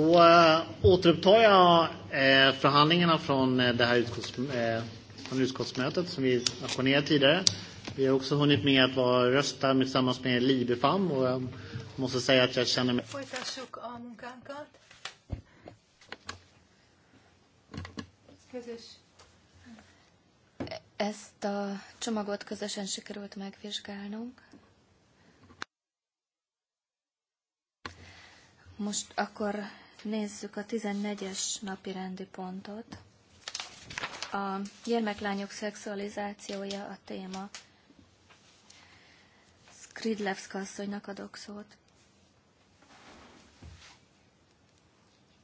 Då eh, återupptar jag eh, förhandlingarna från eh, det här utskotts, eh, från utskottsmötet som vi ajournerade tidigare. Vi har också hunnit med att vara rösta tillsammans med Libefam och jag måste säga att jag känner mig... Ezt a csomagot közösen sikerült megvizsgálnunk. Most akkor Nézzük a 14-es napi rendi pontot. A gyermeklányok szexualizációja a téma. Skridlevska asszonynak adok szót.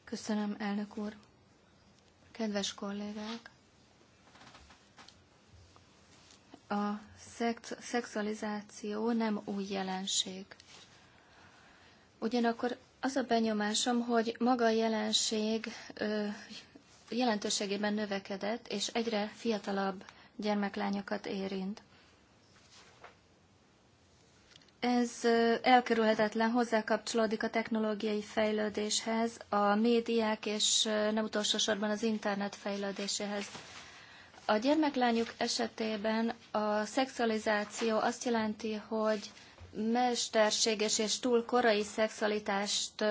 Köszönöm, elnök úr. Kedves kollégák! A szex szexualizáció nem új jelenség. Ugyanakkor az a benyomásom, hogy maga a jelenség jelentőségében növekedett, és egyre fiatalabb gyermeklányokat érint. Ez elkerülhetetlen hozzákapcsolódik a technológiai fejlődéshez, a médiák és nem utolsó sorban az internet fejlődéséhez. A gyermeklányok esetében a szexualizáció azt jelenti, hogy mesterséges és túl korai szexualitást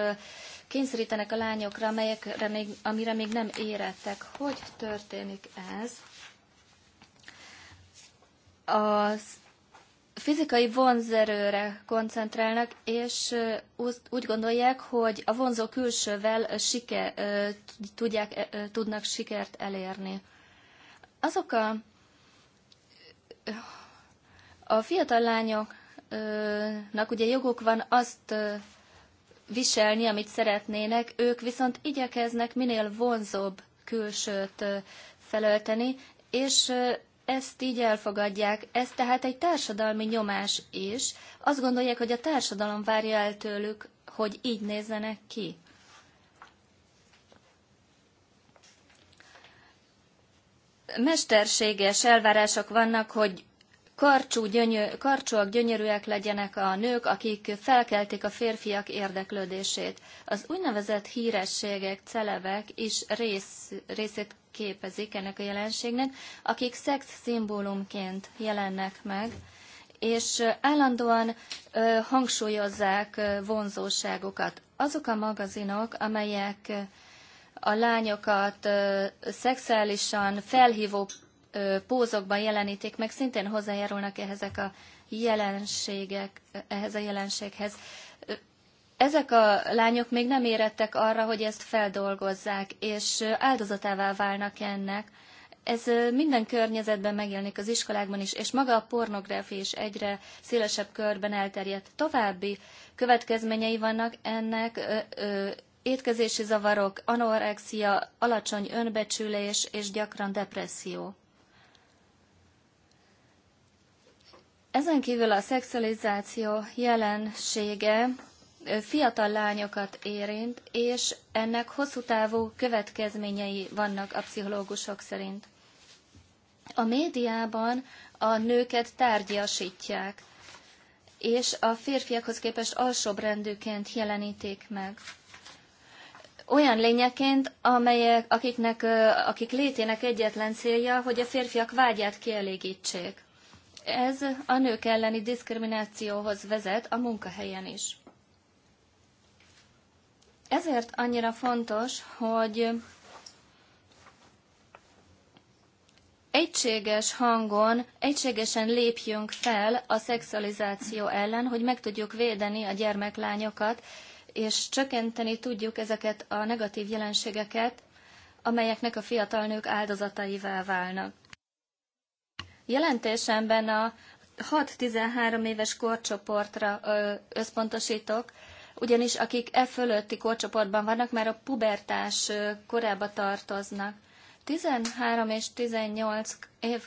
kényszerítenek a lányokra, amelyekre még, amire még nem érettek. Hogy történik ez? Az fizikai vonzerőre koncentrálnak, és úgy gondolják, hogy a vonzó külsővel siker, tudják, tudnak sikert elérni. Azok a, a fiatal lányok, Nak ugye joguk van azt viselni, amit szeretnének, ők viszont igyekeznek minél vonzóbb külsőt felölteni, és ezt így elfogadják. Ez tehát egy társadalmi nyomás is. Azt gondolják, hogy a társadalom várja el tőlük, hogy így nézzenek ki. Mesterséges elvárások vannak, hogy karcsú, gyönyör, karcsúak, gyönyörűek legyenek a nők, akik felkeltik a férfiak érdeklődését. Az úgynevezett hírességek, celebek is rész, részét képezik ennek a jelenségnek, akik szex szimbólumként jelennek meg, és állandóan ö, hangsúlyozzák vonzóságokat. Azok a magazinok, amelyek a lányokat szexuálisan felhívó pózokban jelenítik meg, szintén hozzájárulnak ezek a jelenségek, ehhez a jelenséghez. Ezek a lányok még nem érettek arra, hogy ezt feldolgozzák, és áldozatává válnak ennek. Ez minden környezetben megjelenik az iskolákban is, és maga a pornográfia is egyre szélesebb körben elterjedt. További következményei vannak ennek, étkezési zavarok, anorexia, alacsony önbecsülés és gyakran depresszió. Ezen kívül a szexualizáció jelensége fiatal lányokat érint, és ennek hosszú távú következményei vannak a pszichológusok szerint. A médiában a nőket tárgyasítják, és a férfiakhoz képest alsóbbrendűként jelenítik meg. Olyan lényeként, amelyek, akiknek, akik létének egyetlen célja, hogy a férfiak vágyát kielégítsék. Ez a nők elleni diszkriminációhoz vezet a munkahelyen is. Ezért annyira fontos, hogy egységes hangon, egységesen lépjünk fel a szexualizáció ellen, hogy meg tudjuk védeni a gyermeklányokat, és csökkenteni tudjuk ezeket a negatív jelenségeket, amelyeknek a fiatal nők áldozataivá válnak. Jelentésemben a 6-13 éves korcsoportra összpontosítok, ugyanis akik e fölötti korcsoportban vannak, már a pubertás korába tartoznak. 13 és 18 év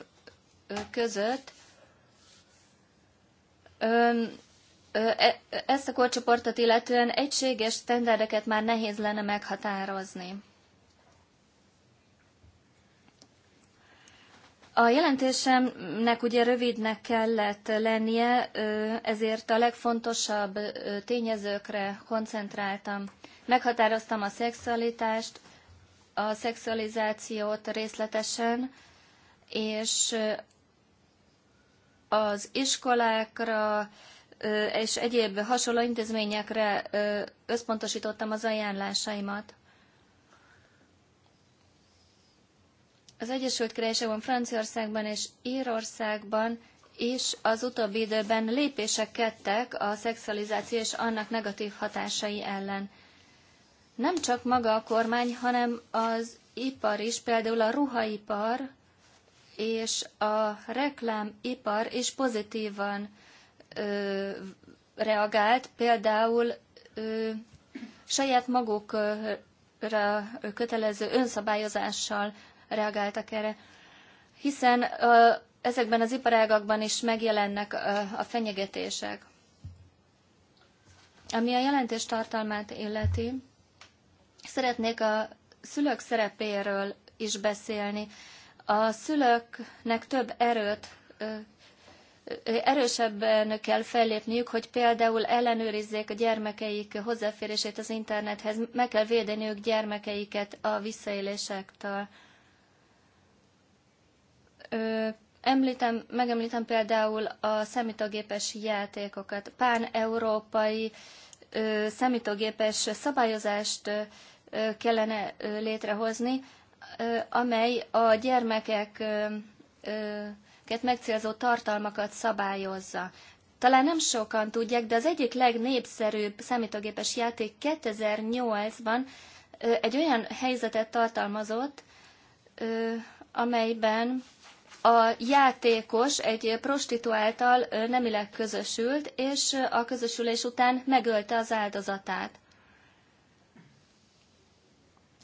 között e, e, ezt a korcsoportot illetően egységes standardeket már nehéz lenne meghatározni. A jelentésemnek ugye rövidnek kellett lennie, ezért a legfontosabb tényezőkre koncentráltam. Meghatároztam a szexualitást, a szexualizációt részletesen, és az iskolákra és egyéb hasonló intézményekre összpontosítottam az ajánlásaimat. az Egyesült Királyságban, Franciaországban és Írországban is az utóbbi időben lépéseket tettek a szexualizáció és annak negatív hatásai ellen. Nem csak maga a kormány, hanem az ipar is, például a ruhaipar és a reklámipar is pozitívan ö, reagált, például ö, saját magukra kötelező önszabályozással reagáltak erre, hiszen ezekben az iparágakban is megjelennek a fenyegetések. Ami a jelentés tartalmát illeti, szeretnék a szülők szerepéről is beszélni. A szülőknek több erőt erősebben kell fellépniük, hogy például ellenőrizzék a gyermekeik hozzáférését az internethez, meg kell védeniük gyermekeiket a visszaélésektől. Említem, megemlítem például a szemítőgépes játékokat. Pán-európai szemítőgépes szabályozást kellene létrehozni, amely a gyermekeket megcélzó tartalmakat szabályozza. Talán nem sokan tudják, de az egyik legnépszerűbb számítógépes játék 2008-ban egy olyan helyzetet tartalmazott, amelyben a játékos egy prostituáltal nemileg közösült, és a közösülés után megölte az áldozatát.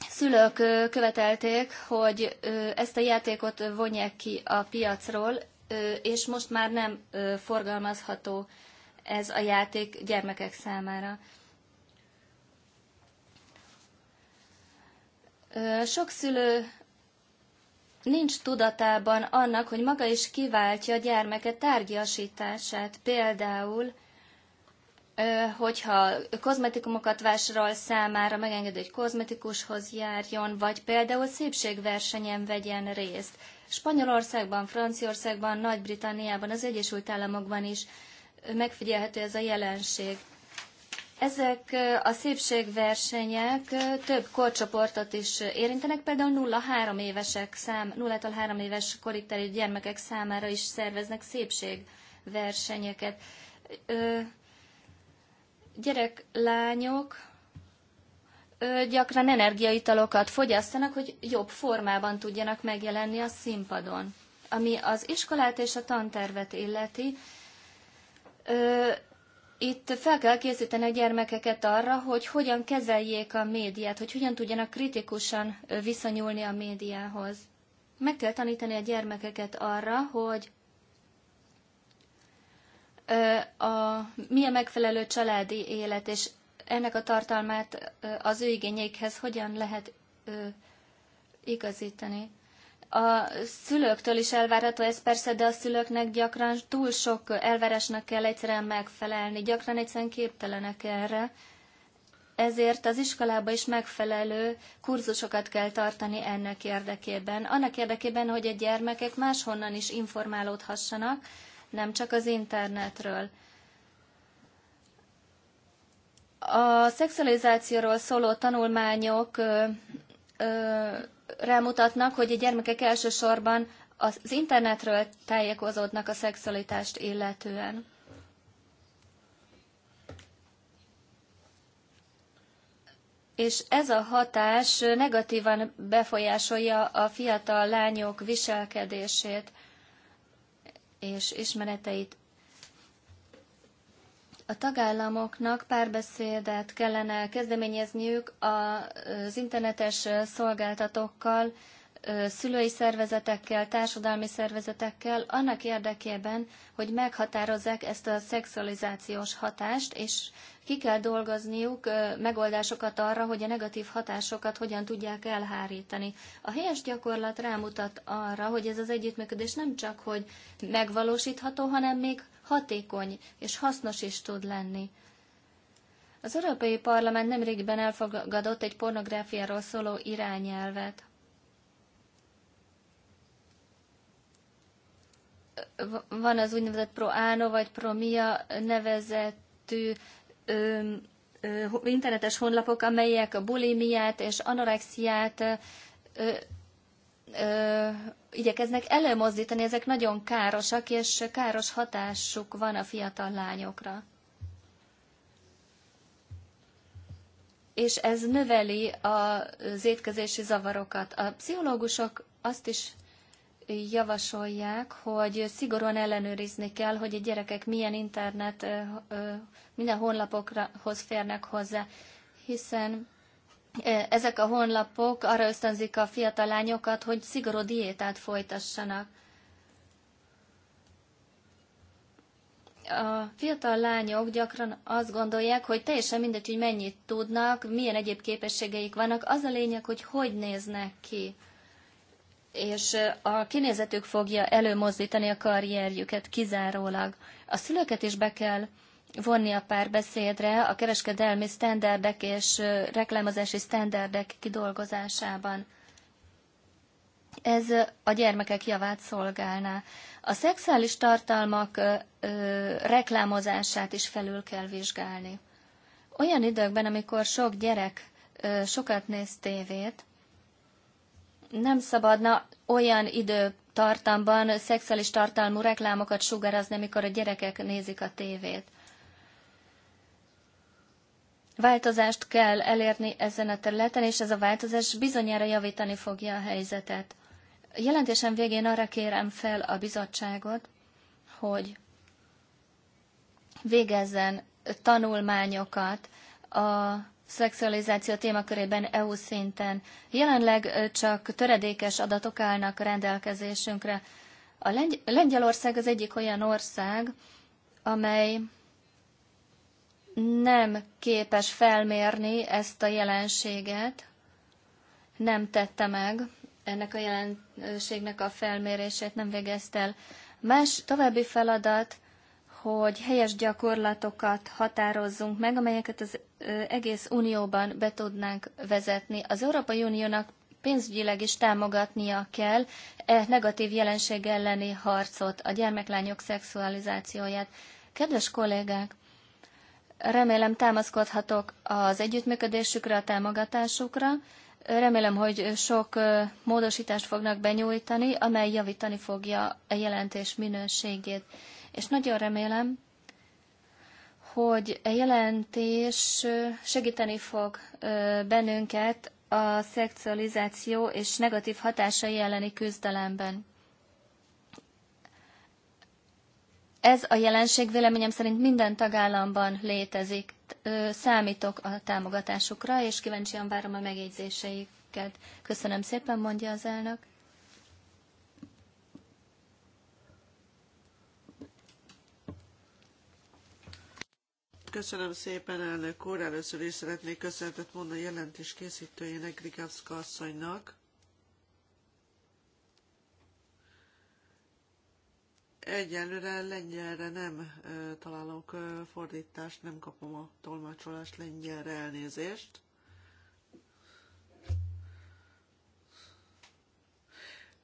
Szülők követelték, hogy ezt a játékot vonják ki a piacról, és most már nem forgalmazható ez a játék gyermekek számára. Sok szülő nincs tudatában annak, hogy maga is kiváltja a gyermeke tárgyasítását. Például, hogyha kozmetikumokat vásárol számára, megengedő hogy kozmetikushoz járjon, vagy például szépségversenyen vegyen részt. Spanyolországban, Franciaországban, Nagy-Britanniában, az Egyesült Államokban is megfigyelhető ez a jelenség. Ezek a szépségversenyek több korcsoportot is érintenek, például 0-3 évesek szám, 0 3 éves korig terjedő gyermekek számára is szerveznek szépségversenyeket. Ö, gyereklányok ö, gyakran energiaitalokat fogyasztanak, hogy jobb formában tudjanak megjelenni a színpadon. Ami az iskolát és a tantervet illeti, ö, itt fel kell készíteni a gyermekeket arra, hogy hogyan kezeljék a médiát, hogy hogyan tudjanak kritikusan viszonyulni a médiához. Meg kell tanítani a gyermekeket arra, hogy a, mi a megfelelő családi élet, és ennek a tartalmát az ő igényeikhez hogyan lehet igazítani a szülőktől is elvárható ez persze, de a szülőknek gyakran túl sok elvárásnak kell egyszerűen megfelelni, gyakran egyszerűen képtelenek erre. Ezért az iskolába is megfelelő kurzusokat kell tartani ennek érdekében. Annak érdekében, hogy a gyermekek máshonnan is informálódhassanak, nem csak az internetről. A szexualizációról szóló tanulmányok ö, ö, rámutatnak, hogy a gyermekek elsősorban az internetről tájékozódnak a szexualitást illetően. És ez a hatás negatívan befolyásolja a fiatal lányok viselkedését és ismereteit a tagállamoknak párbeszédet kellene kezdeményezniük az internetes szolgáltatókkal, szülői szervezetekkel, társadalmi szervezetekkel, annak érdekében, hogy meghatározzák ezt a szexualizációs hatást, és ki kell dolgozniuk megoldásokat arra, hogy a negatív hatásokat hogyan tudják elhárítani. A helyes gyakorlat rámutat arra, hogy ez az együttműködés nem csak, hogy megvalósítható, hanem még hatékony és hasznos is tud lenni. Az Európai Parlament nemrégiben elfogadott egy pornográfiáról szóló irányelvet. Van az úgynevezett ProAno vagy ProMia nevezetű ö, ö, internetes honlapok, amelyek a bulimiát és anorexiát ö, ö, igyekeznek előmozdítani, ezek nagyon károsak, és káros hatásuk van a fiatal lányokra. És ez növeli az étkezési zavarokat. A pszichológusok azt is javasolják, hogy szigorúan ellenőrizni kell, hogy a gyerekek milyen internet, minden honlapokhoz férnek hozzá, hiszen ezek a honlapok arra ösztönzik a fiatal lányokat, hogy szigorú diétát folytassanak. A fiatal lányok gyakran azt gondolják, hogy teljesen mindegy, hogy mennyit tudnak, milyen egyéb képességeik vannak, az a lényeg, hogy hogy néznek ki. És a kinézetük fogja előmozdítani a karrierjüket kizárólag. A szülőket is be kell vonni a párbeszédre a kereskedelmi sztenderdek és reklámozási sztenderdek kidolgozásában. Ez a gyermekek javát szolgálná. A szexuális tartalmak ö, ö, reklámozását is felül kell vizsgálni. Olyan időkben, amikor sok gyerek ö, sokat néz tévét, nem szabadna olyan időtartamban szexuális tartalmú reklámokat sugárazni, amikor a gyerekek nézik a tévét. Változást kell elérni ezen a területen, és ez a változás bizonyára javítani fogja a helyzetet. Jelentésem végén arra kérem fel a bizottságot, hogy végezzen tanulmányokat a szexualizáció témakörében EU szinten. Jelenleg csak töredékes adatok állnak rendelkezésünkre. A Lengyelország az egyik olyan ország, amely nem képes felmérni ezt a jelenséget, nem tette meg ennek a jelenségnek a felmérését, nem végezte el. Más további feladat, hogy helyes gyakorlatokat határozzunk meg, amelyeket az egész Unióban be tudnánk vezetni. Az Európai Uniónak pénzügyileg is támogatnia kell e negatív jelenség elleni harcot, a gyermeklányok szexualizációját. Kedves kollégák, Remélem támaszkodhatok az együttműködésükre, a támogatásukra. Remélem, hogy sok módosítást fognak benyújtani, amely javítani fogja a jelentés minőségét. És nagyon remélem, hogy a jelentés segíteni fog bennünket a szexualizáció és negatív hatásai elleni küzdelemben. Ez a jelenség véleményem szerint minden tagállamban létezik. Számítok a támogatásukra, és kíváncsian várom a megjegyzéseiket. Köszönöm szépen, mondja az elnök. Köszönöm szépen, elnök úr. Először is szeretnék köszönetet mondani a jelentés készítőjének, Grigavszka asszonynak Egyelőre lengyelre nem találok fordítást, nem kapom a tolmácsolást lengyelre elnézést.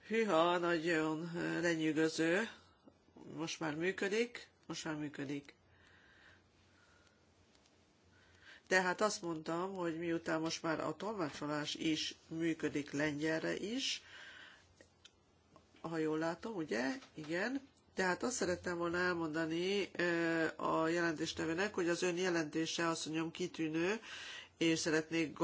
Hűha, nagyon lenyűgöző. Most már működik, most már működik. De hát azt mondtam, hogy miután most már a tolmácsolás is működik lengyelre is, ha jól látom, ugye? Igen. Tehát azt szerettem volna elmondani a jelentéstevőnek, hogy az ön jelentése azt mondjam kitűnő, és szeretnék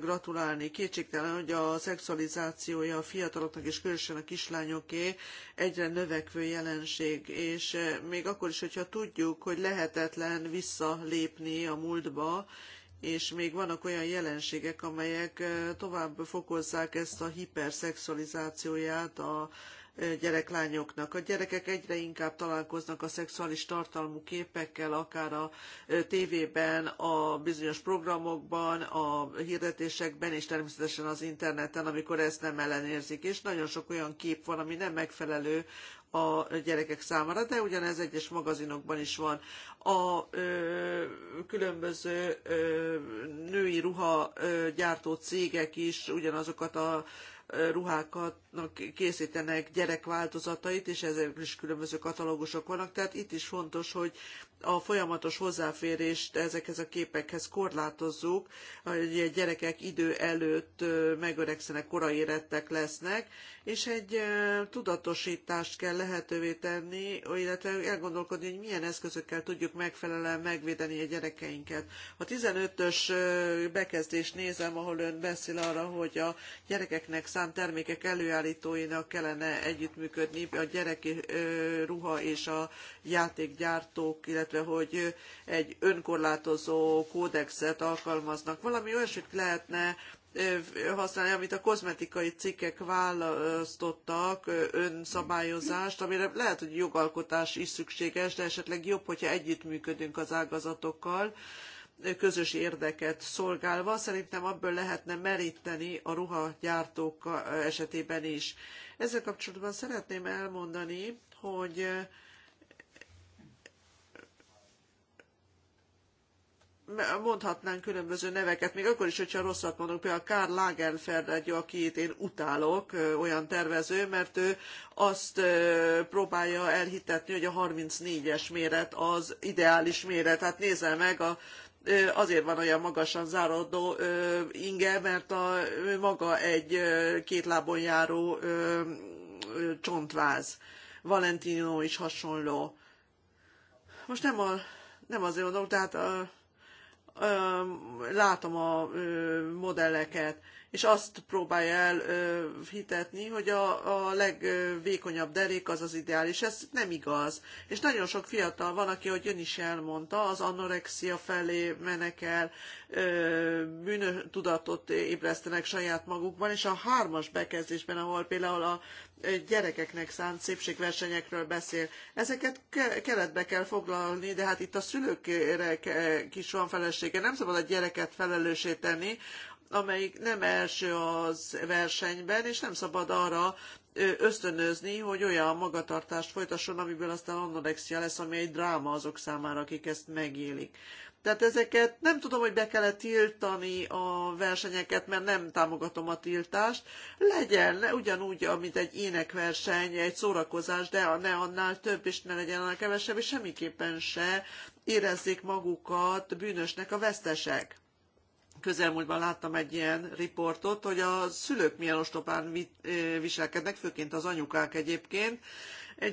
gratulálni. Kétségtelen, hogy a szexualizációja a fiataloknak és különösen a kislányoké egyre növekvő jelenség, és még akkor is, hogyha tudjuk, hogy lehetetlen visszalépni a múltba, és még vannak olyan jelenségek, amelyek tovább fokozzák ezt a hiperszexualizációját a gyereklányoknak. A gyerekek egyre inkább találkoznak a szexuális tartalmú képekkel, akár a tévében, a bizonyos programokban, a hirdetésekben, és természetesen az interneten, amikor ezt nem ellenérzik. És nagyon sok olyan kép van, ami nem megfelelő a gyerekek számára, de ugyanez egyes magazinokban is van. A ö, különböző ö, női ruha ö, gyártó cégek is ugyanazokat a ruhákat készítenek gyerekváltozatait és ezek is különböző katalógusok vannak, tehát itt is fontos, hogy a folyamatos hozzáférést ezekhez a képekhez korlátozzuk, hogy a gyerekek idő előtt megöregszenek, korai érettek lesznek, és egy tudatosítást kell lehetővé tenni, illetve elgondolkodni, hogy milyen eszközökkel tudjuk megfelelően megvédeni a gyerekeinket. A 15-ös bekezdést nézem, ahol ön beszél arra, hogy a gyerekeknek szánt termékek előállítóinak kellene együttműködni, a gyereki ruha és a játékgyártók, illetve illetve hogy egy önkorlátozó kódexet alkalmaznak. Valami olyasmit lehetne használni, amit a kozmetikai cikkek választottak, önszabályozást, amire lehet, hogy jogalkotás is szükséges, de esetleg jobb, hogyha együttműködünk az ágazatokkal, közös érdeket szolgálva. Szerintem abból lehetne meríteni a ruhagyártók esetében is. Ezzel kapcsolatban szeretném elmondani, hogy mondhatnánk különböző neveket, még akkor is, hogyha rosszat mondok, például Karl Lagerfeld, akit én utálok, olyan tervező, mert ő azt próbálja elhitetni, hogy a 34-es méret az ideális méret. Hát nézzel meg, a, azért van olyan magasan záródó inge, mert a, maga egy két lábon járó csontváz. Valentino is hasonló. Most nem, a, nem azért mondom, tehát a, látom a modelleket és azt próbálja el ö, hitetni, hogy a, a legvékonyabb derék az az ideális. Ez nem igaz. És nagyon sok fiatal van, aki, hogy ön is elmondta, az anorexia felé menekel, bűnös tudatot ébresztenek saját magukban, és a hármas bekezdésben, ahol például a gyerekeknek szánt szépségversenyekről beszél. Ezeket keretbe kell foglalni, de hát itt a szülőkre kis van felelőssége. Nem szabad a gyereket felelősé tenni amelyik nem első az versenyben, és nem szabad arra ösztönözni, hogy olyan magatartást folytasson, amiből aztán anorexia lesz, ami egy dráma azok számára, akik ezt megélik. Tehát ezeket nem tudom, hogy be kellett tiltani a versenyeket, mert nem támogatom a tiltást. Legyen ugyanúgy, mint egy énekverseny, egy szórakozás, de ne annál több, és ne legyen annál kevesebb, és semmiképpen se érezzék magukat bűnösnek a vesztesek közelmúltban láttam egy ilyen riportot, hogy a szülők milyen ostopán viselkednek, főként az anyukák egyébként.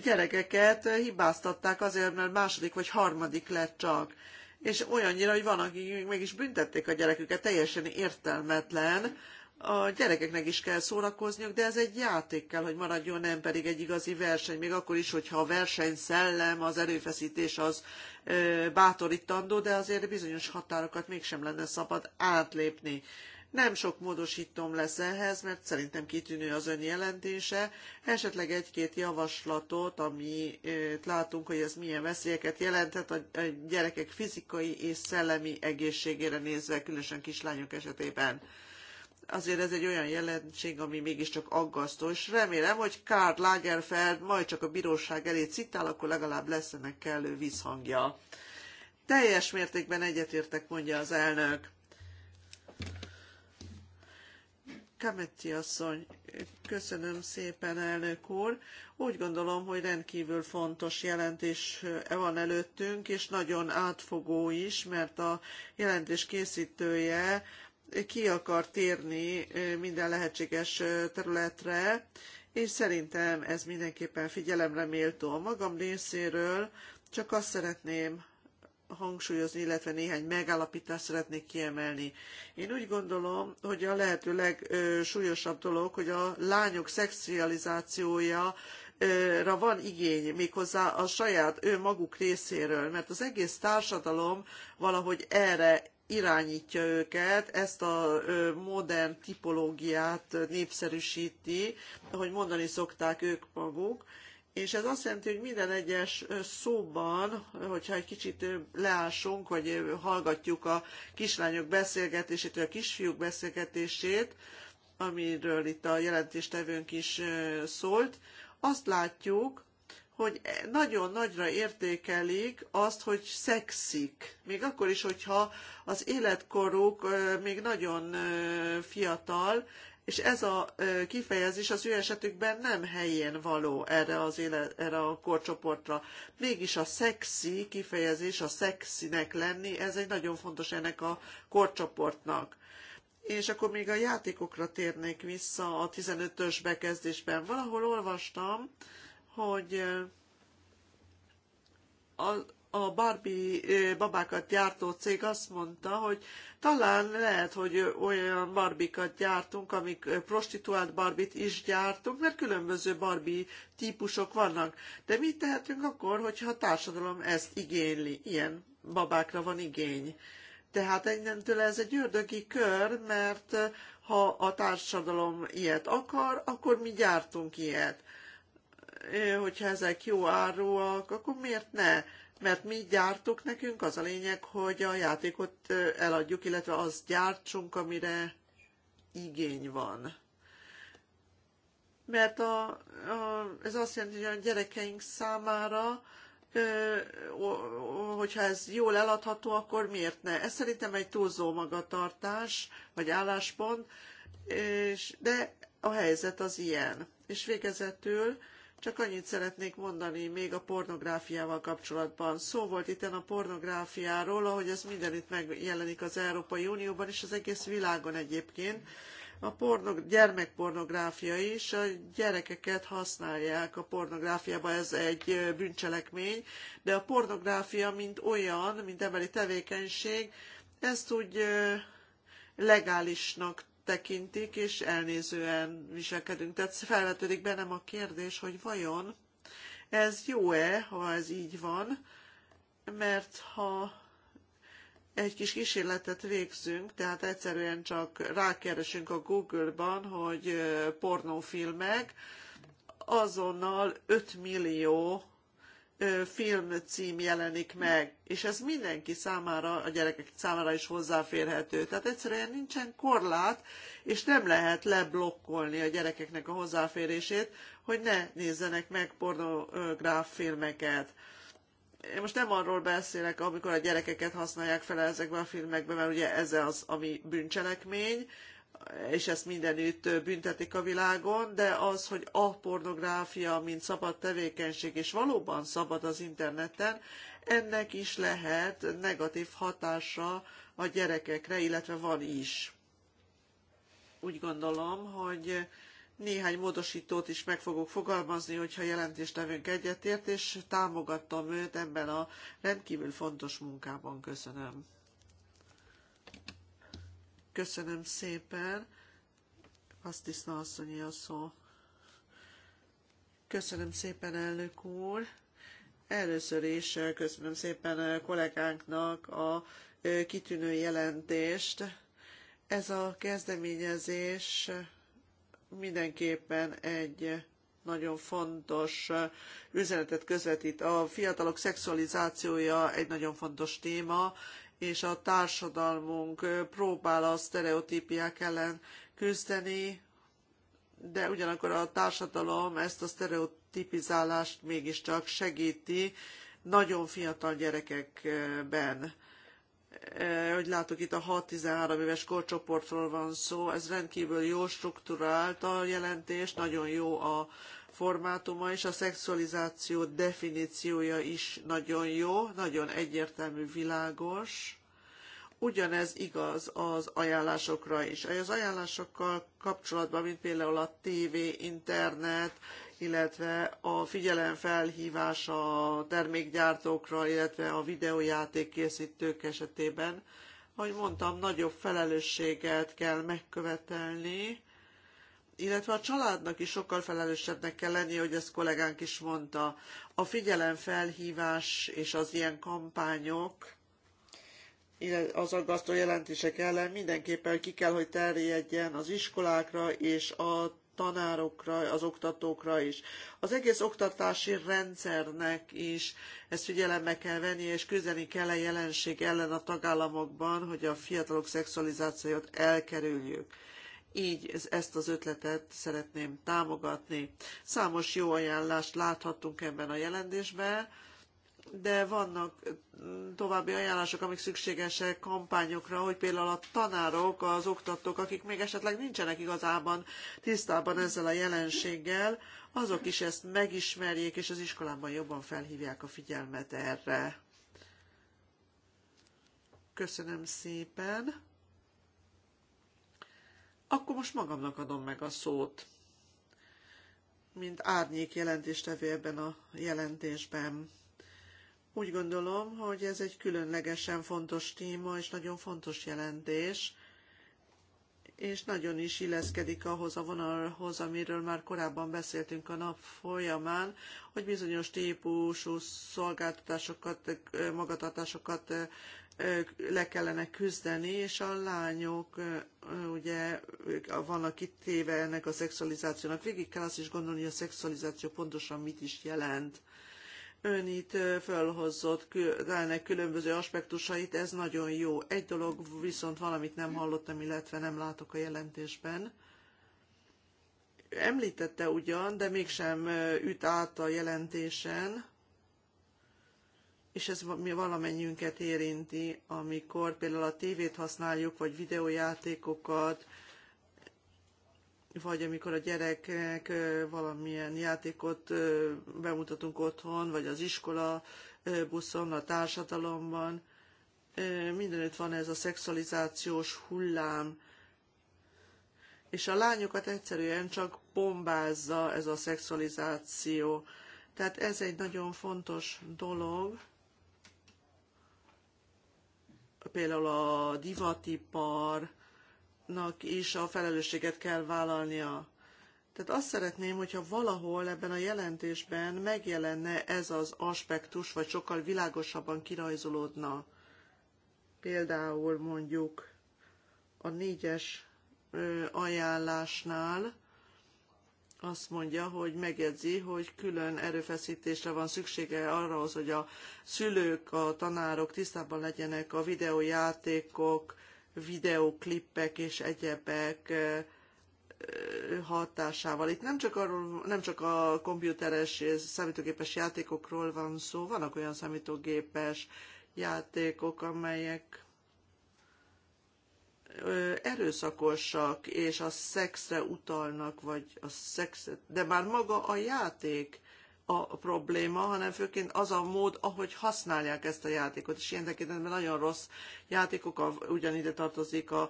Gyerekeket hibáztatták azért, mert második vagy harmadik lett csak. És olyannyira, hogy van, akik mégis büntették a gyereküket, teljesen értelmetlen, a gyerekeknek is kell szórakozniuk, de ez egy játék kell, hogy maradjon, nem pedig egy igazi verseny, még akkor is, hogyha a verseny szellem, az erőfeszítés az ö, bátorítandó, de azért bizonyos határokat mégsem lenne szabad átlépni. Nem sok módosítom lesz ehhez, mert szerintem kitűnő az ön jelentése. Esetleg egy-két javaslatot, amit látunk, hogy ez milyen veszélyeket jelenthet a gyerekek fizikai és szellemi egészségére nézve, különösen kislányok esetében azért ez egy olyan jelenség, ami mégiscsak aggasztó, és remélem, hogy Karl Lagerfeld majd csak a bíróság elé citál, akkor legalább lesz ennek kellő vízhangja. Teljes mértékben egyetértek, mondja az elnök. Kametti asszony, köszönöm szépen, elnök úr. Úgy gondolom, hogy rendkívül fontos jelentés eh, van előttünk, és nagyon átfogó is, mert a jelentés készítője ki akar térni minden lehetséges területre, és szerintem ez mindenképpen figyelemre méltó. A magam részéről csak azt szeretném hangsúlyozni, illetve néhány megállapítást szeretnék kiemelni. Én úgy gondolom, hogy a lehető legsúlyosabb dolog, hogy a lányok szexualizációja ra van igény, méghozzá a saját ő maguk részéről, mert az egész társadalom valahogy erre irányítja őket, ezt a modern tipológiát népszerűsíti, ahogy mondani szokták ők maguk, és ez azt jelenti, hogy minden egyes szóban, hogyha egy kicsit leásunk, vagy hallgatjuk a kislányok beszélgetését, vagy a kisfiúk beszélgetését, amiről itt a jelentéstevőnk is szólt, azt látjuk, hogy nagyon nagyra értékelik azt, hogy szexik. Még akkor is, hogyha az életkoruk még nagyon fiatal, és ez a kifejezés az ő esetükben nem helyén való erre, az élet, erre a korcsoportra. Mégis a szexi kifejezés, a szexinek lenni, ez egy nagyon fontos ennek a korcsoportnak. És akkor még a játékokra térnék vissza a 15-ös bekezdésben. Valahol olvastam, hogy a, a Barbie babákat gyártó cég azt mondta, hogy talán lehet, hogy olyan barbikat gyártunk, amik prostituált barbit is gyártunk, mert különböző barbi típusok vannak. De mit tehetünk akkor, hogyha a társadalom ezt igényli? Ilyen babákra van igény. Tehát innentől ez egy ördögi kör, mert ha a társadalom ilyet akar, akkor mi gyártunk ilyet hogyha ezek jó áruak, akkor miért ne? Mert mi gyártuk nekünk, az a lényeg, hogy a játékot eladjuk, illetve azt gyártsunk, amire igény van. Mert a, a, ez azt jelenti, hogy a gyerekeink számára, ö, hogyha ez jól eladható, akkor miért ne? Ez szerintem egy túlzó magatartás, vagy álláspont, és, de a helyzet az ilyen. És végezetül csak annyit szeretnék mondani még a pornográfiával kapcsolatban. Szó volt itt a pornográfiáról, ahogy ez mindenütt megjelenik az Európai Unióban és az egész világon egyébként. A pornog, gyermekpornográfia is, a gyerekeket használják a pornográfiába, ez egy bűncselekmény, de a pornográfia, mint olyan, mint emberi tevékenység, ezt úgy legálisnak tekintik, és elnézően viselkedünk. Tehát felvetődik bennem a kérdés, hogy vajon ez jó-e, ha ez így van, mert ha egy kis kísérletet végzünk, tehát egyszerűen csak rákeresünk a Google-ban, hogy pornófilmek, azonnal 5 millió film cím jelenik meg, és ez mindenki számára, a gyerekek számára is hozzáférhető. Tehát egyszerűen nincsen korlát, és nem lehet leblokkolni a gyerekeknek a hozzáférését, hogy ne nézzenek meg pornográf filmeket. Én most nem arról beszélek, amikor a gyerekeket használják fel ezekbe a filmekbe, mert ugye ez az, ami bűncselekmény, és ezt mindenütt büntetik a világon, de az, hogy a pornográfia, mint szabad tevékenység, és valóban szabad az interneten, ennek is lehet negatív hatása a gyerekekre, illetve van is. Úgy gondolom, hogy néhány módosítót is meg fogok fogalmazni, hogyha jelentéstevőnk egyetért, és támogattam őt ebben a rendkívül fontos munkában. Köszönöm. Köszönöm szépen. Azt tiszna asszonyi a szó. Köszönöm szépen, elnök úr. Először is eh, köszönöm szépen a eh, kollégánknak a eh, kitűnő jelentést. Ez a kezdeményezés mindenképpen egy nagyon fontos üzenetet közvetít. A fiatalok szexualizációja egy nagyon fontos téma, és a társadalmunk próbál a sztereotípiák ellen küzdeni, de ugyanakkor a társadalom ezt a sztereotipizálást mégiscsak segíti nagyon fiatal gyerekekben hogy látok, itt a 6-13 éves korcsoportról van szó, ez rendkívül jó strukturált a jelentés, nagyon jó a formátuma és a szexualizáció definíciója is nagyon jó, nagyon egyértelmű, világos. Ugyanez igaz az ajánlásokra is. Az ajánlásokkal kapcsolatban, mint például a TV, internet, illetve a figyelemfelhívás a termékgyártókra, illetve a videójáték készítők esetében, ahogy mondtam, nagyobb felelősséget kell megkövetelni, illetve a családnak is sokkal felelősebbnek kell lennie, hogy ezt kollégánk is mondta. A figyelemfelhívás és az ilyen kampányok, az aggasztó jelentések ellen mindenképpen ki kell, hogy terjedjen az iskolákra és a tanárokra, az oktatókra is. Az egész oktatási rendszernek is ezt figyelembe kell venni, és küzdeni kell a jelenség ellen a tagállamokban, hogy a fiatalok szexualizációt elkerüljük. Így ezt az ötletet szeretném támogatni. Számos jó ajánlást láthattunk ebben a jelentésben, de vannak mm, további ajánlások, amik szükségesek kampányokra, hogy például a tanárok, az oktatók, akik még esetleg nincsenek igazában tisztában ezzel a jelenséggel, azok is ezt megismerjék, és az iskolában jobban felhívják a figyelmet erre. Köszönöm szépen! Akkor most magamnak adom meg a szót, mint árnyék jelentéstevő ebben a jelentésben. Úgy gondolom, hogy ez egy különlegesen fontos téma és nagyon fontos jelentés, és nagyon is illeszkedik ahhoz a vonalhoz, amiről már korábban beszéltünk a nap folyamán, hogy bizonyos típusú szolgáltatásokat, magatartásokat le kellene küzdeni, és a lányok ugye vannak kitéve ennek a szexualizációnak. Végig kell azt is gondolni, hogy a szexualizáció pontosan mit is jelent. Ön itt felhozott ennek különböző aspektusait, ez nagyon jó. Egy dolog viszont valamit nem hallottam, illetve nem látok a jelentésben. Említette ugyan, de mégsem üt át a jelentésen, és ez mi valamennyiünket érinti, amikor például a tévét használjuk, vagy videójátékokat, vagy amikor a gyereknek valamilyen játékot bemutatunk otthon, vagy az iskola buszon, a társadalomban. Mindenütt van ez a szexualizációs hullám, és a lányokat egyszerűen csak bombázza ez a szexualizáció. Tehát ez egy nagyon fontos dolog, például a divatiparnak is a felelősséget kell vállalnia. Tehát azt szeretném, hogyha valahol ebben a jelentésben megjelenne ez az aspektus, vagy sokkal világosabban kirajzolódna. Például mondjuk a négyes ajánlásnál azt mondja, hogy megjegyzi, hogy külön erőfeszítésre van szüksége arra, hogy a szülők, a tanárok tisztában legyenek a videójátékok, videoklippek és egyebek hatásával. Itt nem csak, arról, nem csak a komputeres és számítógépes játékokról van szó, vannak olyan számítógépes játékok, amelyek erőszakosak, és a szexre utalnak, vagy a szexet, de már maga a játék a probléma, hanem főként az a mód, ahogy használják ezt a játékot, és ilyen tekintetben nagyon rossz játékok, a, ugyanide tartozik a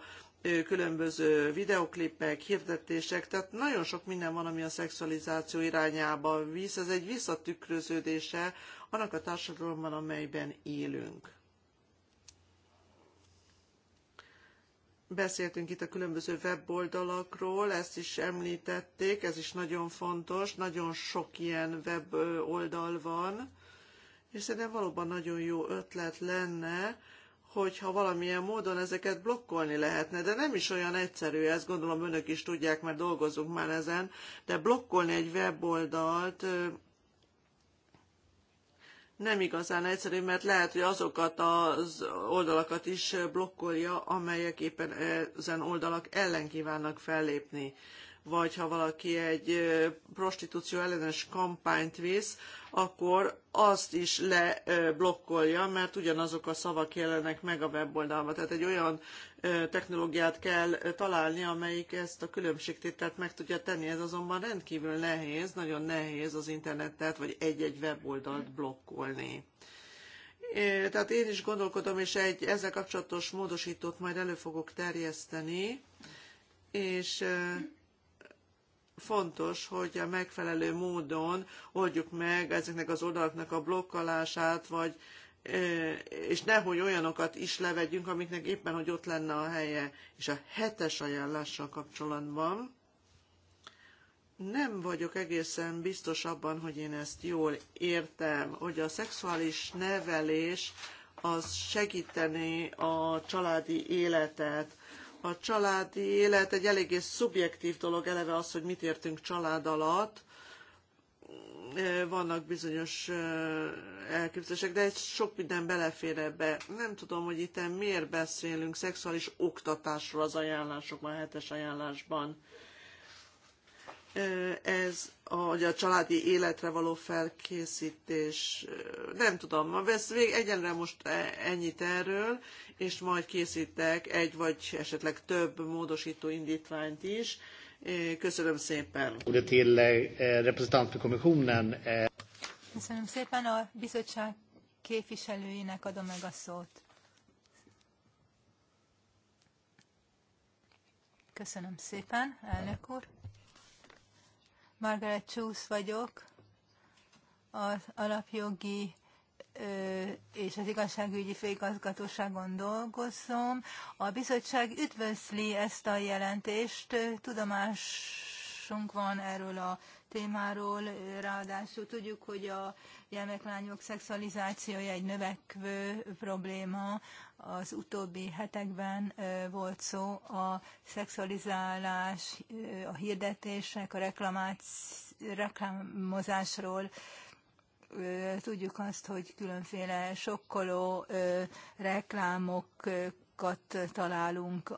különböző videoklipek, hirdetések, tehát nagyon sok minden van, ami a szexualizáció irányába visz, ez egy visszatükröződése annak a társadalomban, amelyben élünk. Beszéltünk itt a különböző weboldalakról, ezt is említették, ez is nagyon fontos, nagyon sok ilyen weboldal van, és szerintem valóban nagyon jó ötlet lenne, hogyha valamilyen módon ezeket blokkolni lehetne, de nem is olyan egyszerű, ezt gondolom önök is tudják, mert dolgozunk már ezen, de blokkolni egy weboldalt nem igazán egyszerű, mert lehet, hogy azokat az oldalakat is blokkolja, amelyek éppen ezen oldalak ellen kívánnak fellépni vagy ha valaki egy prostitúció ellenes kampányt visz, akkor azt is leblokkolja, mert ugyanazok a szavak jelennek meg a weboldalban. Tehát egy olyan technológiát kell találni, amelyik ezt a különbségtételt meg tudja tenni. Ez azonban rendkívül nehéz, nagyon nehéz az internetet vagy egy-egy weboldalt blokkolni. Tehát én is gondolkodom, és egy ezzel kapcsolatos módosítót majd elő fogok terjeszteni, és fontos, hogy a megfelelő módon oldjuk meg ezeknek az oldalaknak a blokkolását, vagy és nehogy olyanokat is levegyünk, amiknek éppen, hogy ott lenne a helye. És a hetes ajánlással kapcsolatban nem vagyok egészen biztos abban, hogy én ezt jól értem, hogy a szexuális nevelés az segíteni a családi életet, a családi élet egy eléggé szubjektív dolog, eleve az, hogy mit értünk család alatt. E, vannak bizonyos e, elképzelések, de egy sok minden belefér ebbe. Nem tudom, hogy itt miért beszélünk szexuális oktatásról az ajánlásokban, a hetes ajánlásban ez hogy a családi életre való felkészítés, nem tudom, ez még egyenre most e, ennyit erről, és majd készítek egy vagy esetleg több módosító indítványt is. Köszönöm szépen. Eh, eh. Köszönöm szépen a bizottság képviselőinek adom meg a szót. Köszönöm szépen, elnök úr. Margaret Csúsz vagyok, az alapjogi és az igazságügyi főigazgatóságon dolgozom. A bizottság üdvözli ezt a jelentést, tudomásunk van erről a témáról, ráadásul tudjuk, hogy a gyermeklányok szexualizációja egy növekvő probléma. Az utóbbi hetekben volt szó a szexualizálás, a hirdetések, a reklámozásról, tudjuk azt, hogy különféle sokkoló reklámokat találunk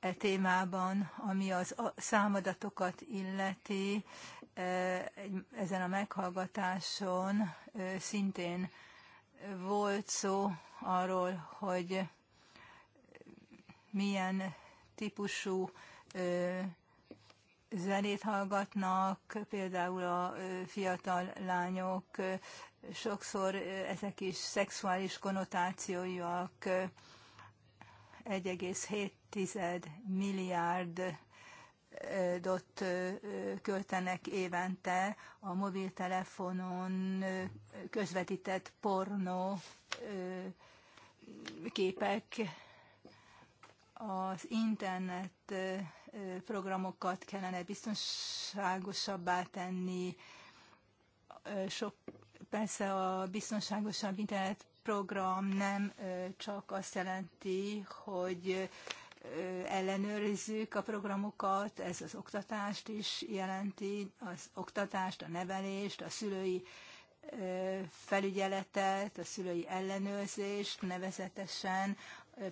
e témában, ami az számadatokat illeti, ezen a meghallgatáson szintén volt szó arról, hogy milyen típusú zenét hallgatnak, például a fiatal lányok, sokszor ezek is szexuális konnotációjak, 1,7 milliárd milliárdot költenek évente a mobiltelefonon közvetített pornó képek az internet programokat kellene biztonságosabbá tenni, sok, persze a biztonságosabb internet program nem csak azt jelenti, hogy ellenőrizzük a programokat, ez az oktatást is jelenti, az oktatást, a nevelést, a szülői felügyeletet, a szülői ellenőrzést nevezetesen,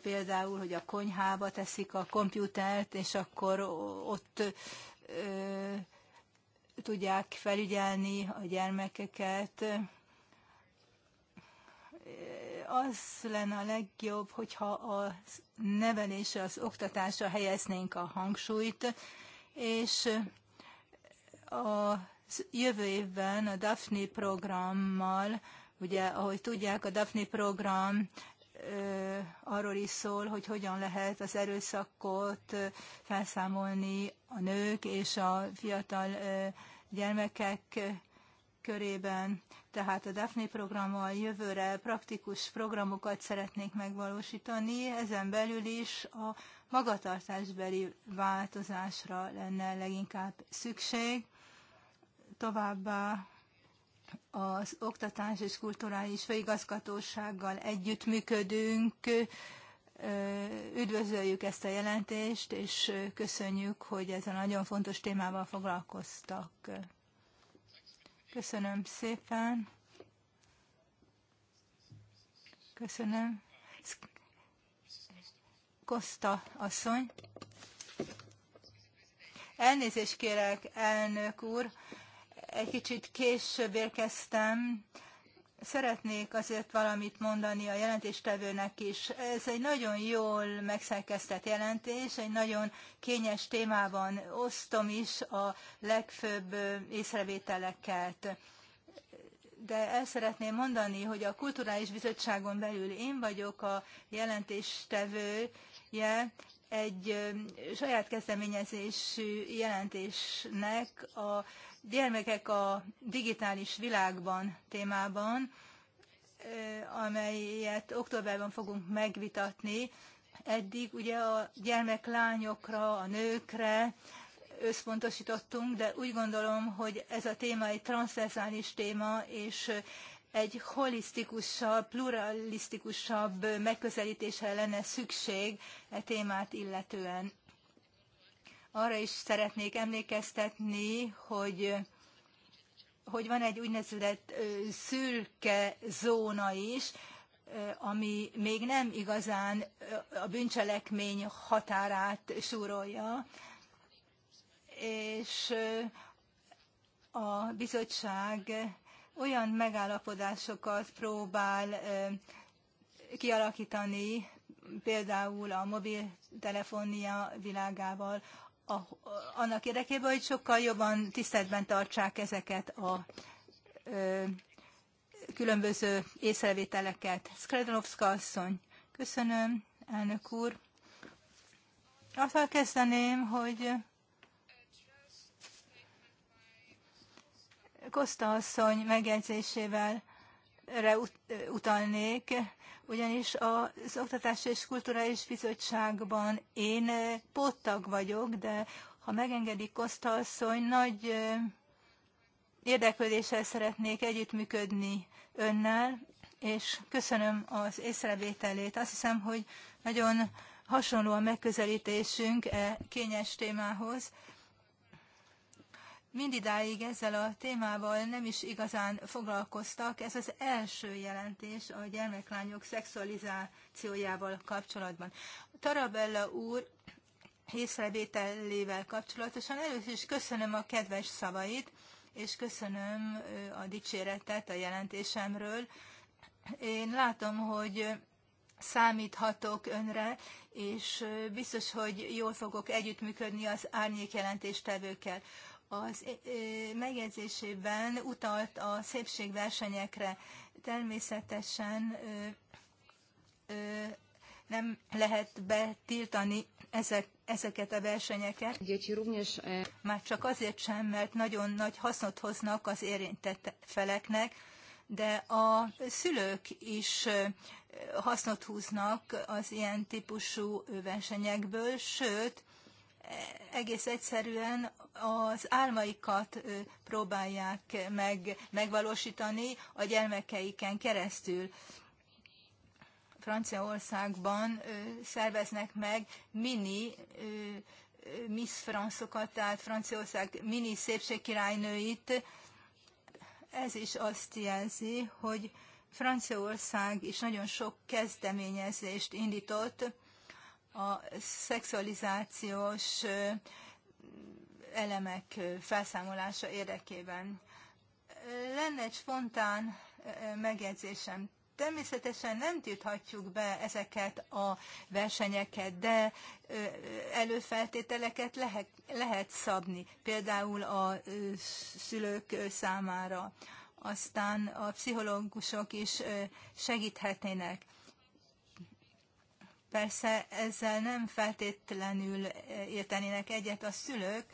például, hogy a konyhába teszik a komputert, és akkor ott tudják felügyelni a gyermekeket, az lenne a legjobb, hogyha a nevelésre, az oktatásra helyeznénk a hangsúlyt, és a jövő évben a Daphne programmal, ugye, ahogy tudják, a Daphne program ö, arról is szól, hogy hogyan lehet az erőszakot felszámolni a nők és a fiatal ö, gyermekek körében tehát a DAFNE programmal jövőre praktikus programokat szeretnék megvalósítani, ezen belül is a magatartásbeli változásra lenne leginkább szükség. Továbbá az Oktatás és Kulturális Főigazgatósággal együttműködünk, üdvözöljük ezt a jelentést, és köszönjük, hogy a nagyon fontos témával foglalkoztak. Köszönöm szépen. Köszönöm. Kosta asszony. Elnézést kérek, elnök úr. Egy kicsit később érkeztem, Szeretnék azért valamit mondani a jelentéstevőnek is. Ez egy nagyon jól megszerkesztett jelentés, egy nagyon kényes témában osztom is a legfőbb észrevételeket. De el szeretném mondani, hogy a Kulturális Bizottságon belül én vagyok a jelentéstevője egy saját kezdeményezésű jelentésnek a gyermekek a digitális világban témában, amelyet októberben fogunk megvitatni. Eddig ugye a gyermeklányokra, a nőkre összpontosítottunk, de úgy gondolom, hogy ez a téma egy transzverzális téma, és egy holisztikusabb, pluralisztikusabb megközelítésre lenne szükség e témát illetően. Arra is szeretnék emlékeztetni, hogy hogy van egy úgynevezett szürke zóna is, ami még nem igazán a bűncselekmény határát súrolja, és a bizottság olyan megállapodásokat próbál kialakítani, például a mobiltelefonia világával, a, annak érdekében, hogy sokkal jobban tiszteletben tartsák ezeket a ö, különböző észrevételeket. Skredlovska asszony, köszönöm, elnök úr. Azt kezdeném, hogy Kosta asszony megjegyzésével utalnék ugyanis az Oktatás és Kulturális Bizottságban én pottag vagyok, de ha megengedik Koszta asszony, nagy érdeklődéssel szeretnék együttműködni önnel, és köszönöm az észrevételét. Azt hiszem, hogy nagyon hasonló a megközelítésünk e kényes témához mindidáig ezzel a témával nem is igazán foglalkoztak. Ez az első jelentés a gyermeklányok szexualizációjával kapcsolatban. Tarabella úr észrevételével kapcsolatosan először is köszönöm a kedves szavait, és köszönöm a dicséretet a jelentésemről. Én látom, hogy számíthatok önre, és biztos, hogy jól fogok együttműködni az árnyék jelentéstevőkkel az megjegyzésében utalt a szépségversenyekre. Természetesen nem lehet betiltani ezek, ezeket a versenyeket. E, Már csak azért sem, mert nagyon nagy hasznot hoznak az érintett feleknek, de a szülők is hasznot húznak az ilyen típusú versenyekből, sőt, egész egyszerűen az álmaikat próbálják meg, megvalósítani a gyermekeiken keresztül. Franciaországban szerveznek meg mini Miss Francokat, tehát Franciaország mini szépségkirálynőit. Ez is azt jelzi, hogy Franciaország is nagyon sok kezdeményezést indított, a szexualizációs elemek felszámolása érdekében. Lenne egy spontán megjegyzésem. Természetesen nem tilthatjuk be ezeket a versenyeket, de előfeltételeket lehet, lehet szabni, például a szülők számára. Aztán a pszichológusok is segíthetnének Persze ezzel nem feltétlenül eh, értenének egyet a szülők,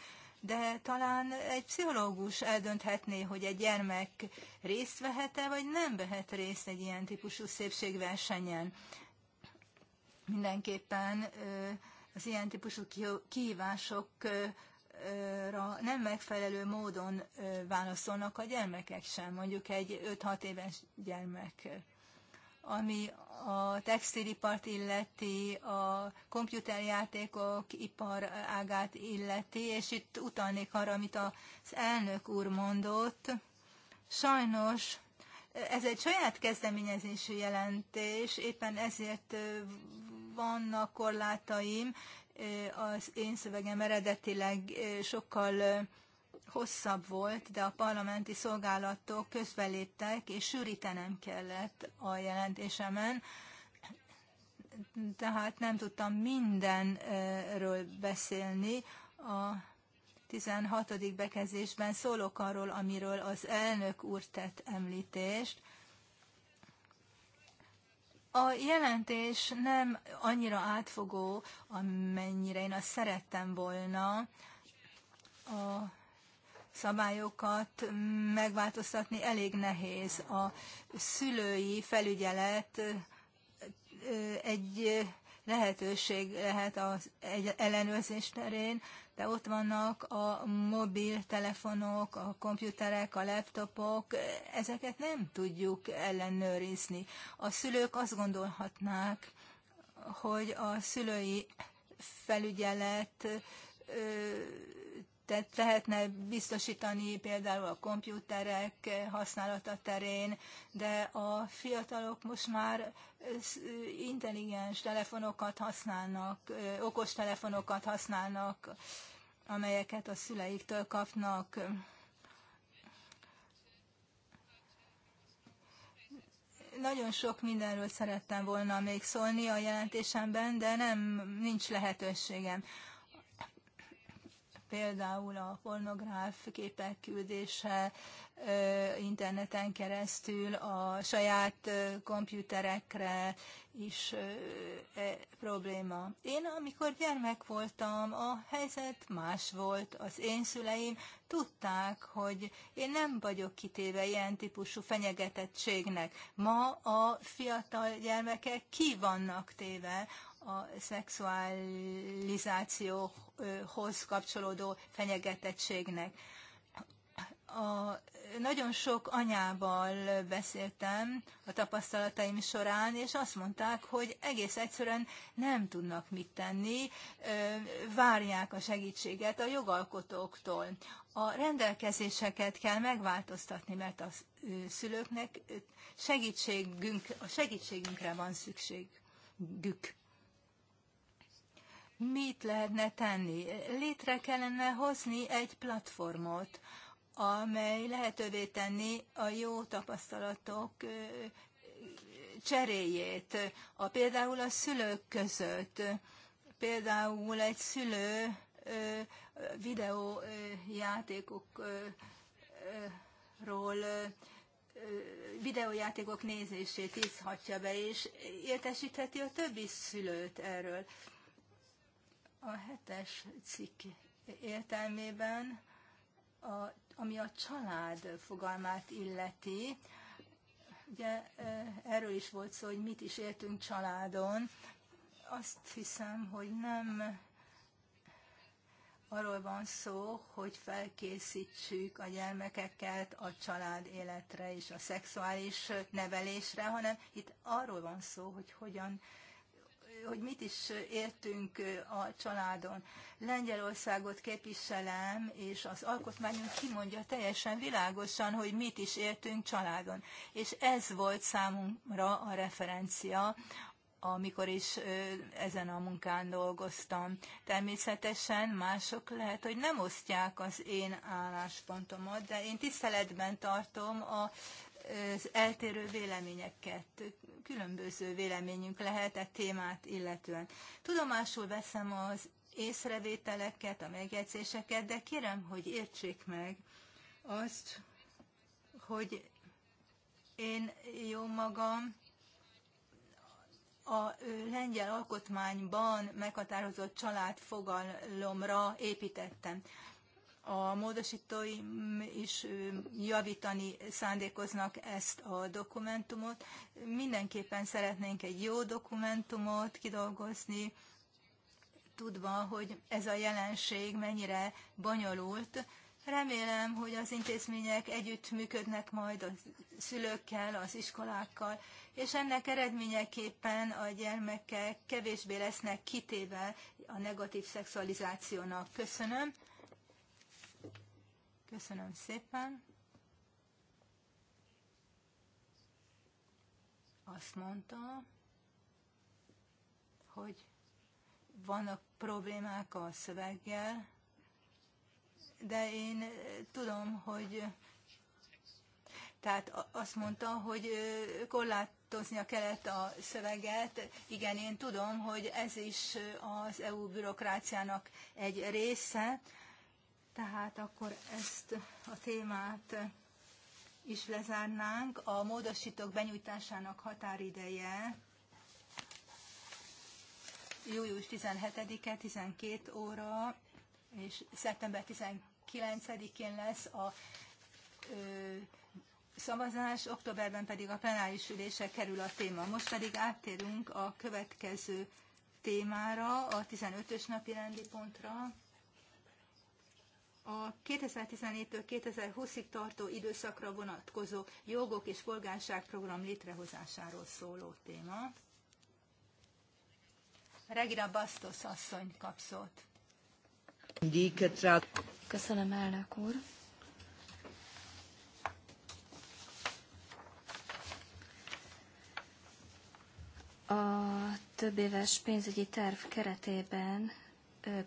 de talán egy pszichológus eldönthetné, hogy egy gyermek részt vehet-e, vagy nem vehet részt egy ilyen típusú szépségversenyen. Mindenképpen eh, az ilyen típusú kihívásokra nem megfelelő módon eh, válaszolnak a gyermekek sem, mondjuk egy 5-6 éves gyermek. Ami a textilipart illeti, a komputerjátékok ipar ágát illeti, és itt utalnék arra, amit az elnök úr mondott. Sajnos ez egy saját kezdeményezésű jelentés, éppen ezért vannak korlátaim, az én szövegem eredetileg sokkal hosszabb volt, de a parlamenti szolgálatok közbeléptek, és sűrítenem kellett a jelentésemen, tehát nem tudtam mindenről beszélni. A 16. bekezdésben szólok arról, amiről az elnök úr tett említést. A jelentés nem annyira átfogó, amennyire én azt szerettem volna. A szabályokat megváltoztatni elég nehéz. A szülői felügyelet egy lehetőség lehet az ellenőrzés terén, de ott vannak a mobiltelefonok, a komputerek, a laptopok, ezeket nem tudjuk ellenőrizni. A szülők azt gondolhatnák, hogy a szülői felügyelet tehát lehetne biztosítani például a komputerek használata terén, de a fiatalok most már intelligens telefonokat használnak, okos telefonokat használnak, amelyeket a szüleiktől kapnak. Nagyon sok mindenről szerettem volna még szólni a jelentésemben, de nem nincs lehetőségem például a pornográf képek küldése interneten keresztül a saját komputerekre is e, probléma. Én, amikor gyermek voltam, a helyzet más volt. Az én szüleim tudták, hogy én nem vagyok kitéve ilyen típusú fenyegetettségnek. Ma a fiatal gyermekek ki vannak téve a szexualizációhoz kapcsolódó fenyegetettségnek. A, nagyon sok anyával beszéltem a tapasztalataim során, és azt mondták, hogy egész egyszerűen nem tudnak mit tenni, várják a segítséget a jogalkotóktól. A rendelkezéseket kell megváltoztatni, mert a szülőknek segítségünk, a segítségünkre van szükségük mit lehetne tenni. Létre kellene hozni egy platformot, amely lehetővé tenni a jó tapasztalatok cseréjét, a, például a szülők között. Például egy szülő videójátékokról videójátékok nézését izhatja be, és értesítheti a többi szülőt erről. A hetes cikk értelmében, a, ami a család fogalmát illeti, ugye erről is volt szó, hogy mit is értünk családon, azt hiszem, hogy nem arról van szó, hogy felkészítsük a gyermekeket a család életre és a szexuális nevelésre, hanem itt arról van szó, hogy hogyan hogy mit is értünk a családon. Lengyelországot képviselem, és az alkotmányunk kimondja teljesen világosan, hogy mit is értünk családon. És ez volt számomra a referencia, amikor is ezen a munkán dolgoztam. Természetesen mások lehet, hogy nem osztják az én álláspontomat, de én tiszteletben tartom a az eltérő véleményeket különböző véleményünk lehet e témát illetően. Tudomásul veszem az észrevételeket, a megjegyzéseket, de kérem, hogy értsék meg azt, hogy én jó magam a lengyel alkotmányban meghatározott fogalomra építettem a módosítóim is javítani szándékoznak ezt a dokumentumot. Mindenképpen szeretnénk egy jó dokumentumot kidolgozni, tudva, hogy ez a jelenség mennyire bonyolult. Remélem, hogy az intézmények együtt működnek majd a szülőkkel, az iskolákkal, és ennek eredményeképpen a gyermekek kevésbé lesznek kitéve a negatív szexualizációnak. Köszönöm. Köszönöm szépen. Azt mondta, hogy vannak problémák a szöveggel, de én eh, tudom, hogy tehát azt mondta, hogy eh, korlátoznia kellett a szöveget. Igen, én tudom, hogy ez is eh, az EU bürokráciának egy része, tehát akkor ezt a témát is lezárnánk. A módosítók benyújtásának határideje július 17-e 12 óra, és szeptember 19-én lesz a ö, szavazás, októberben pedig a plenáris ülése kerül a téma. Most pedig áttérünk a következő témára, a 15-ös napi rendi pontra a 2017-től 2020-ig tartó időszakra vonatkozó jogok és polgárságprogram létrehozásáról szóló téma. Regina Bastos asszony kap Köszönöm, elnök úr. A több éves pénzügyi terv keretében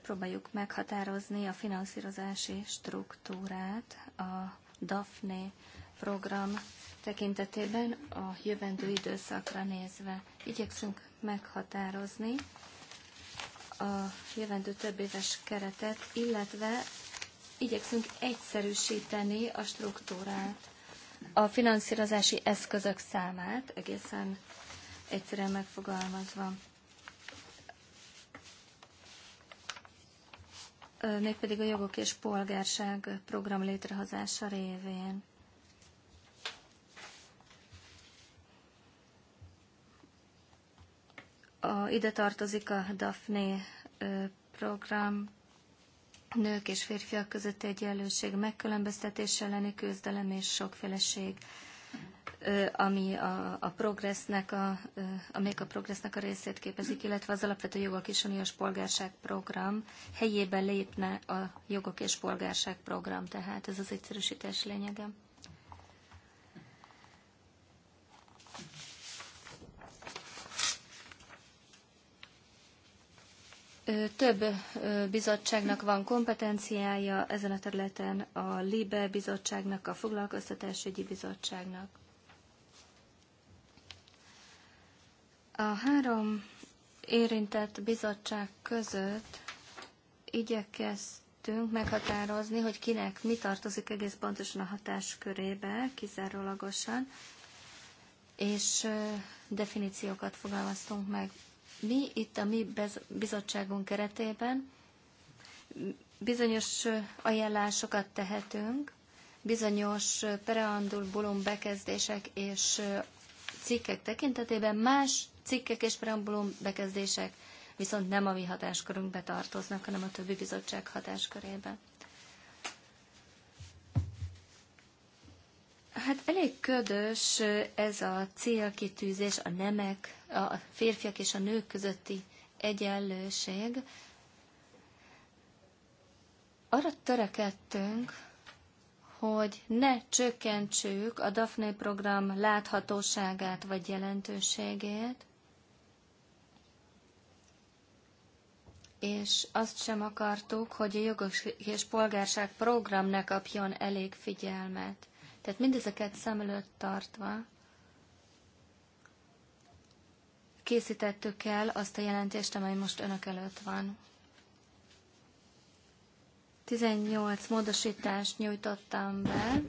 próbáljuk meghatározni a finanszírozási struktúrát a DAFNE program tekintetében a jövendő időszakra nézve. Igyekszünk meghatározni a jövendő több éves keretet, illetve igyekszünk egyszerűsíteni a struktúrát, a finanszírozási eszközök számát egészen egyszerűen megfogalmazva. mégpedig a jogok és polgárság program létrehozása révén. A, ide tartozik a DAFNE program, nők és férfiak közötti egyenlőség, megkülönböztetés elleni küzdelem és sokféleség ami a, a progressznek a, amelyek a progressznek a részét képezik, illetve az alapvető jogok és uniós polgárság program helyébe lépne a jogok és polgárság program, tehát ez az egyszerűsítés lényege. Több bizottságnak van kompetenciája ezen a területen, a LIBE bizottságnak, a foglalkoztatásügyi bizottságnak. A három érintett bizottság között igyekeztünk meghatározni, hogy kinek mi tartozik egész pontosan a hatáskörébe, kizárólagosan, és definíciókat fogalmaztunk meg mi itt a mi bizottságunk keretében bizonyos ajánlásokat tehetünk, bizonyos bulum bekezdések és cikkek tekintetében, más cikkek és preambulum bekezdések viszont nem a mi hatáskörünkbe tartoznak, hanem a többi bizottság hatáskörében. Hát elég ködös ez a célkitűzés, a nemek, a férfiak és a nők közötti egyenlőség. Arra törekedtünk, hogy ne csökkentsük a DAFNE program láthatóságát vagy jelentőségét, és azt sem akartuk, hogy a jogos és polgárság program ne kapjon elég figyelmet. Tehát mindezeket szem előtt tartva készítettük el azt a jelentést, amely most önök előtt van. 18 módosítást nyújtottam be.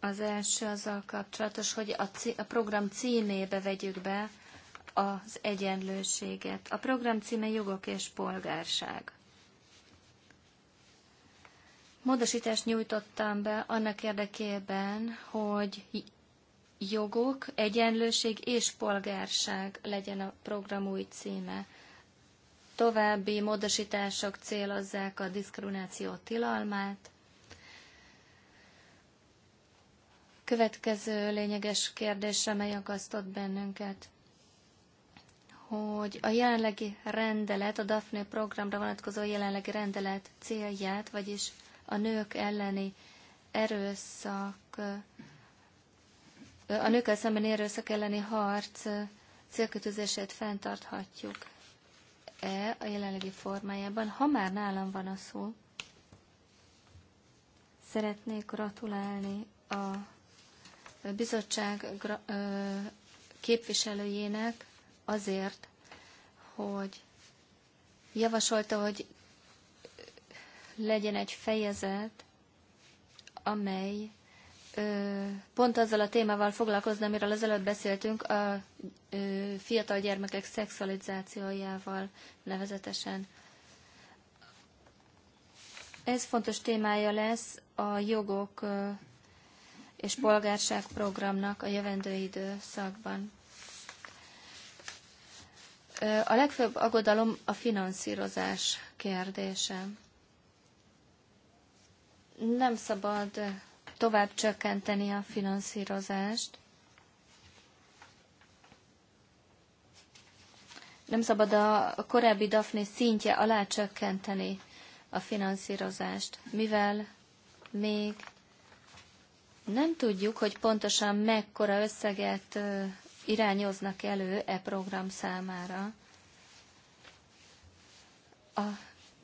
Az első azzal kapcsolatos, hogy a, a program címébe vegyük be az egyenlőséget. A program címe jogok és polgárság. Módosítást nyújtottam be annak érdekében, hogy jogok, egyenlőség és polgárság legyen a program új címe. További módosítások célozzák a diszkrimináció tilalmát. Következő lényeges kérdés, amely akasztott bennünket, hogy a jelenlegi rendelet, a DAFNE programra vonatkozó jelenlegi rendelet célját, vagyis a nők elleni erőszak, a nőkkel szemben erőszak elleni harc célkötözését fenntarthatjuk e a jelenlegi formájában. Ha már nálam van a szó, szeretnék gratulálni a bizottság képviselőjének azért, hogy javasolta, hogy legyen egy fejezet, amely ö, pont azzal a témával foglalkozna, amiről az előbb beszéltünk, a ö, fiatal gyermekek szexualizációjával nevezetesen. Ez fontos témája lesz a jogok ö, és polgárság programnak a jövendő időszakban. A legfőbb aggodalom a finanszírozás kérdése nem szabad tovább csökkenteni a finanszírozást. Nem szabad a korábbi Daphne szintje alá csökkenteni a finanszírozást, mivel még nem tudjuk, hogy pontosan mekkora összeget irányoznak elő e program számára. A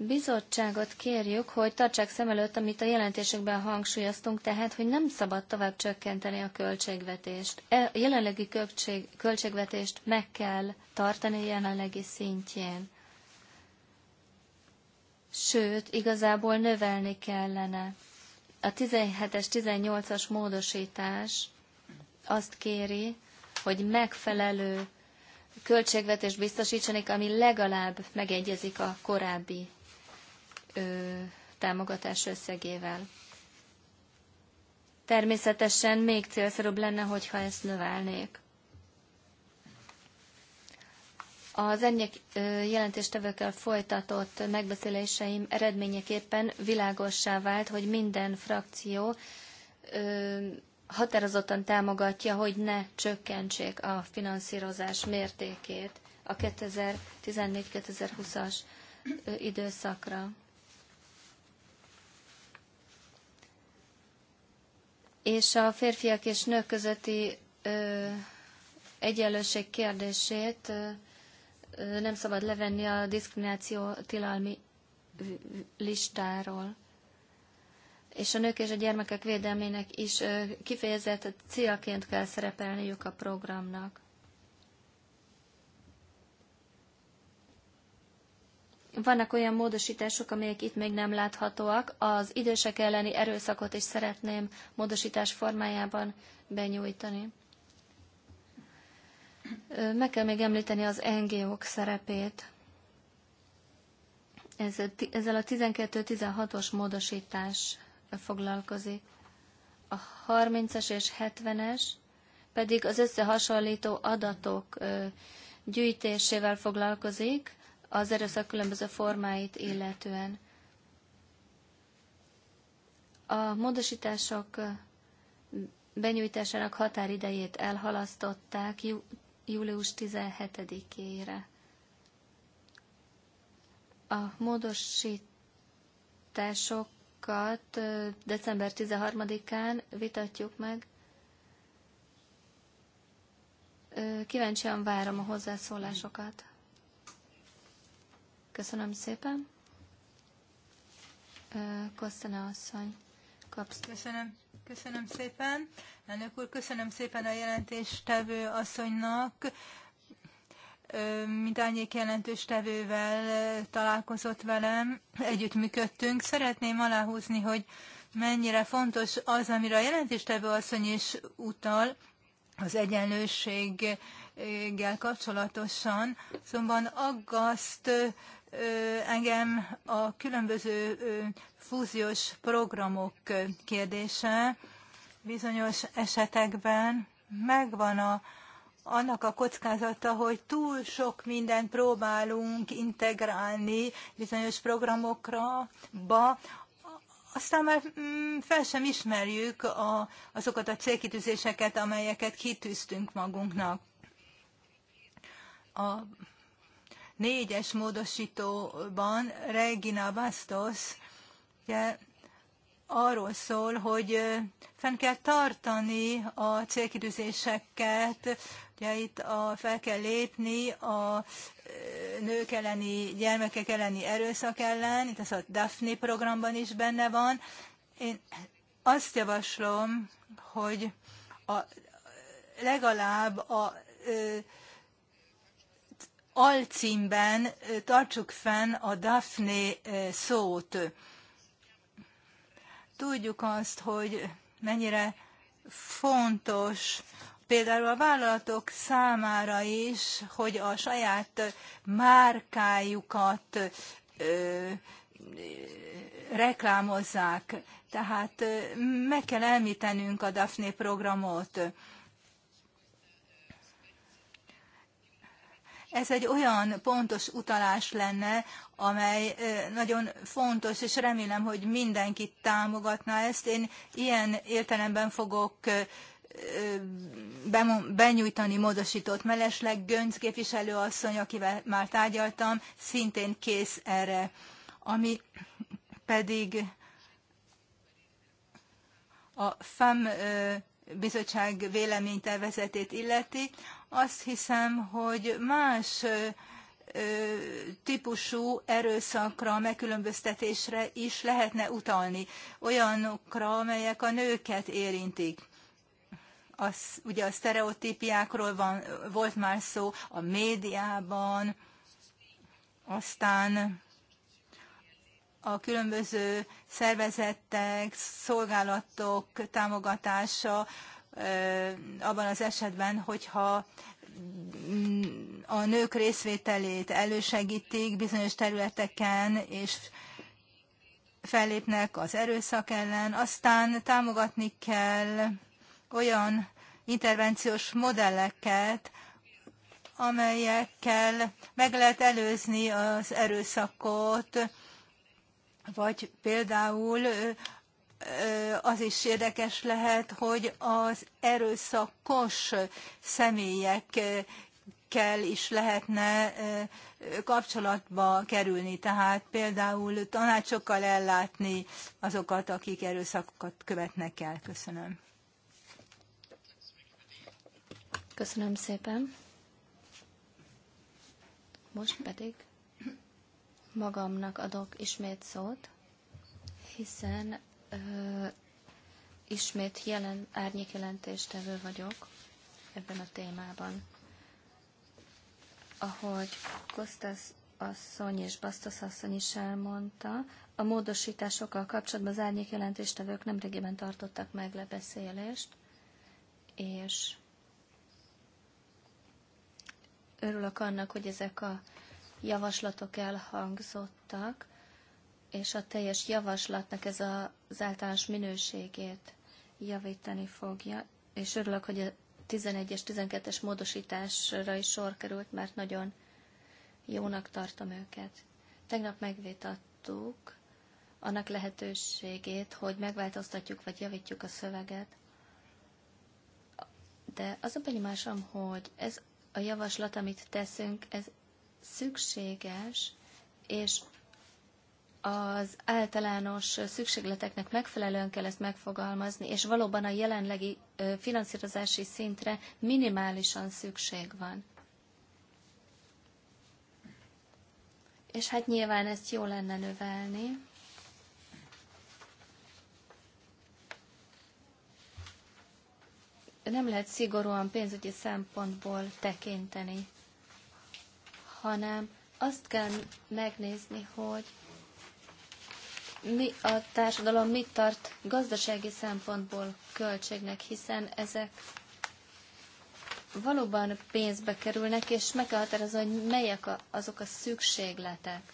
bizottságot kérjük, hogy tartsák szem előtt, amit a jelentésekben hangsúlyoztunk, tehát, hogy nem szabad tovább csökkenteni a költségvetést. A e, jelenlegi költség, költségvetést meg kell tartani a jelenlegi szintjén. Sőt, igazából növelni kellene. A 17-es, 18-as módosítás azt kéri, hogy megfelelő költségvetést biztosítsanak, ami legalább megegyezik a korábbi támogatás összegével. Természetesen még célszerűbb lenne, hogyha ezt növelnék. Az ennyek jelentéstevőkkel folytatott megbeszéléseim eredményeképpen világossá vált, hogy minden frakció határozottan támogatja, hogy ne csökkentsék a finanszírozás mértékét a 2014-2020-as időszakra. és a férfiak és nők közötti ö, egyenlőség kérdését ö, nem szabad levenni a diszkrimináció tilalmi listáról. És a nők és a gyermekek védelmének is ö, kifejezett célként kell szerepelniük a programnak. Vannak olyan módosítások, amelyek itt még nem láthatóak. Az idősek elleni erőszakot is szeretném módosítás formájában benyújtani. Meg kell még említeni az NGO-k szerepét. Ez, ezzel a 12-16-os módosítás foglalkozik. A 30-es és 70-es pedig az összehasonlító adatok gyűjtésével foglalkozik, az erőszak különböző formáit illetően. A módosítások benyújtásának határidejét elhalasztották jú, július 17-ére. A módosításokat december 13-án vitatjuk meg. Kíváncsian várom a hozzászólásokat. Köszönöm szépen. köszönöm asszony, kapsz. Köszönöm. Köszönöm szépen. Elnök úr, köszönöm szépen a jelentéstevő asszonynak mindányik jelentős tevővel találkozott velem, együttműködtünk. Szeretném aláhúzni, hogy mennyire fontos az, amire a jelentéstevő asszony is utal, az egyenlőséggel kapcsolatosan, szóval aggaszt engem a különböző fúziós programok kérdése bizonyos esetekben megvan a, annak a kockázata, hogy túl sok mindent próbálunk integrálni bizonyos programokra, ba, aztán már mm, fel sem ismerjük a, azokat a célkitűzéseket, amelyeket kitűztünk magunknak. A négyes módosítóban Regina Bastos ugye, arról szól, hogy fenn kell tartani a célkidőzéseket, ugye itt a, fel kell lépni a nők elleni, gyermekek elleni erőszak ellen, itt ez a Daphne programban is benne van. Én azt javaslom, hogy a, legalább a, a alcímben tartsuk fenn a Daphne szót. Tudjuk azt, hogy mennyire fontos például a vállalatok számára is, hogy a saját márkájukat ö, reklámozzák. Tehát meg kell említenünk a Daphne programot. Ez egy olyan pontos utalás lenne, amely nagyon fontos, és remélem, hogy mindenkit támogatna ezt. Én ilyen értelemben fogok benyújtani módosított mellesleg Gönc képviselő asszony, akivel már tárgyaltam, szintén kész erre. Ami pedig a FEM bizottság véleménytervezetét illeti, azt hiszem, hogy más típusú erőszakra, megkülönböztetésre is lehetne utalni, olyanokra, amelyek a nőket érintik. Az, ugye a sztereotípiákról van, volt már szó a médiában, aztán a különböző szervezetek, szolgálatok támogatása, abban az esetben, hogyha mm, a nők részvételét elősegítik bizonyos területeken, és fellépnek az erőszak ellen, aztán támogatni kell olyan intervenciós modelleket, amelyekkel meg lehet előzni az erőszakot, vagy például az is érdekes lehet, hogy az erőszakos személyekkel is lehetne kapcsolatba kerülni, tehát például tanácsokkal ellátni azokat, akik erőszakokat követnek el. Köszönöm. Köszönöm szépen. Most pedig magamnak adok ismét szót, hiszen ismét jelen, árnyékjelentéstevő vagyok ebben a témában. Ahogy Kostas, asszony és Basztos asszony is elmondta, a módosításokkal kapcsolatban az nem nemrégiben tartottak meg lebeszélést, és örülök annak, hogy ezek a javaslatok elhangzottak, és a teljes javaslatnak ez az általános minőségét javítani fogja, és örülök, hogy a 11-es, 12-es módosításra is sor került, mert nagyon jónak tartom őket. Tegnap megvitattuk annak lehetőségét, hogy megváltoztatjuk vagy javítjuk a szöveget, de az a benyomásom, hogy ez a javaslat, amit teszünk, ez szükséges, és az általános szükségleteknek megfelelően kell ezt megfogalmazni, és valóban a jelenlegi finanszírozási szintre minimálisan szükség van. És hát nyilván ezt jó lenne növelni. Nem lehet szigorúan pénzügyi szempontból tekinteni, hanem azt kell megnézni, hogy mi a társadalom mit tart gazdasági szempontból költségnek, hiszen ezek valóban pénzbe kerülnek, és meg kell határozni, hogy melyek a, azok a szükségletek,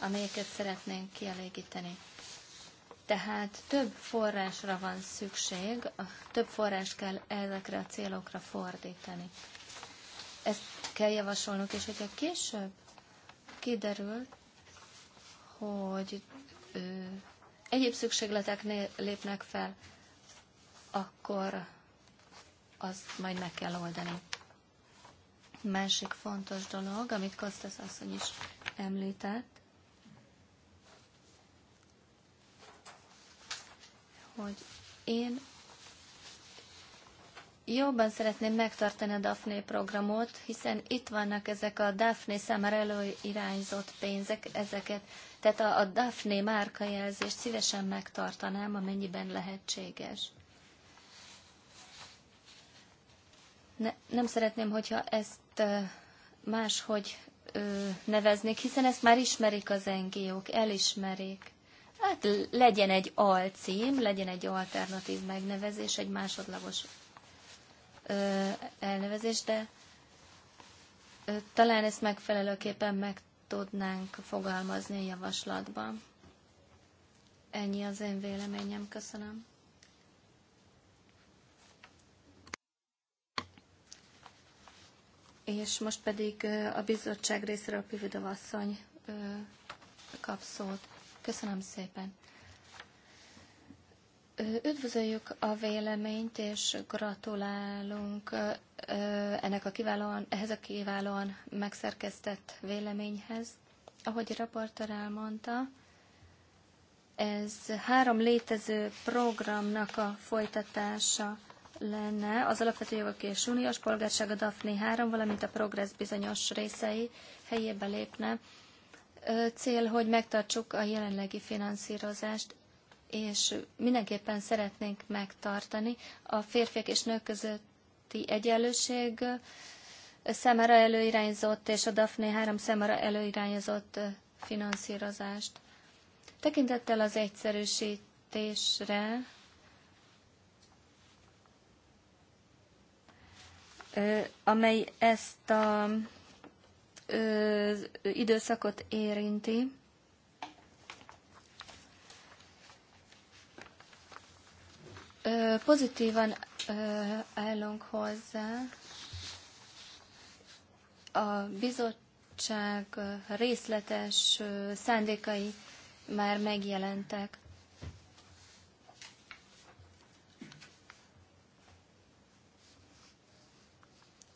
amelyeket szeretnénk kielégíteni. Tehát több forrásra van szükség, több forrás kell ezekre a célokra fordítani. Ezt kell javasolnunk, és hogyha később kiderül, hogy egyéb szükségletek lépnek fel, akkor azt majd meg kell oldani. Másik fontos dolog, amit Kostas asszony is említett, hogy én jobban szeretném megtartani a Daphne programot, hiszen itt vannak ezek a Daphne számára előirányzott pénzek, ezeket, tehát a, a Daphne márkajelzést szívesen megtartanám, amennyiben lehetséges. Ne, nem szeretném, hogyha ezt máshogy ö, neveznék, hiszen ezt már ismerik az NGO-k, elismerik. Hát legyen egy alcím, legyen egy alternatív megnevezés, egy másodlagos elnevezés, de talán ezt megfelelőképpen meg tudnánk fogalmazni a javaslatban. Ennyi az én véleményem, köszönöm. És most pedig a bizottság részéről Pividov asszony kap szót. Köszönöm szépen. Üdvözöljük a véleményt, és gratulálunk ennek a kiválóan, ehhez a kiválóan megszerkesztett véleményhez. Ahogy a raportőr elmondta, ez három létező programnak a folytatása lenne az Alapvető Jogok és Uniós Polgárság a DAFNI 3, valamint a Progress bizonyos részei helyébe lépne. Cél, hogy megtartsuk a jelenlegi finanszírozást, és mindenképpen szeretnénk megtartani a férfiak és nők közötti egyenlőség számára előirányzott és a DAFNE 3 számára előirányzott finanszírozást. Tekintettel az egyszerűsítésre amely ezt a időszakot érinti. Pozitívan állunk hozzá a bizottság részletes szándékai már megjelentek.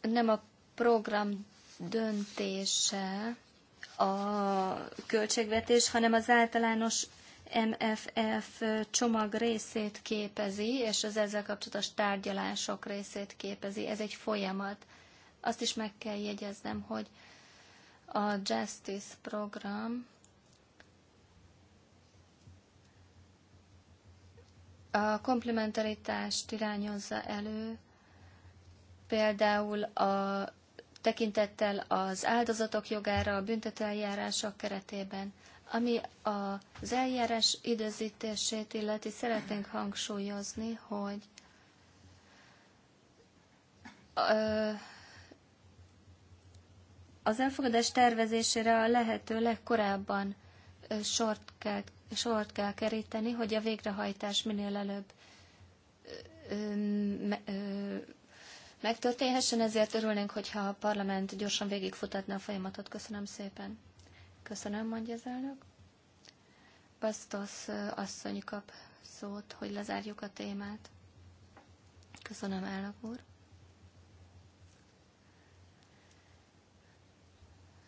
Nem a program döntése a költségvetés, hanem az általános MFF csomag részét képezi, és az ezzel kapcsolatos tárgyalások részét képezi. Ez egy folyamat. Azt is meg kell jegyeznem, hogy a Justice program a komplementaritást irányozza elő, például a tekintettel az áldozatok jogára a büntetőeljárások keretében. Ami az eljárás időzítését illeti, szeretnénk hangsúlyozni, hogy az elfogadás tervezésére a lehető legkorábban sort kell, sort kell keríteni, hogy a végrehajtás minél előbb megtörténhessen, ezért örülnénk, hogyha a parlament gyorsan végigfutatna a folyamatot. Köszönöm szépen. Köszönöm, mondja az elnök. Bastos asszony kap szót, hogy lezárjuk a témát. Köszönöm, elnök úr.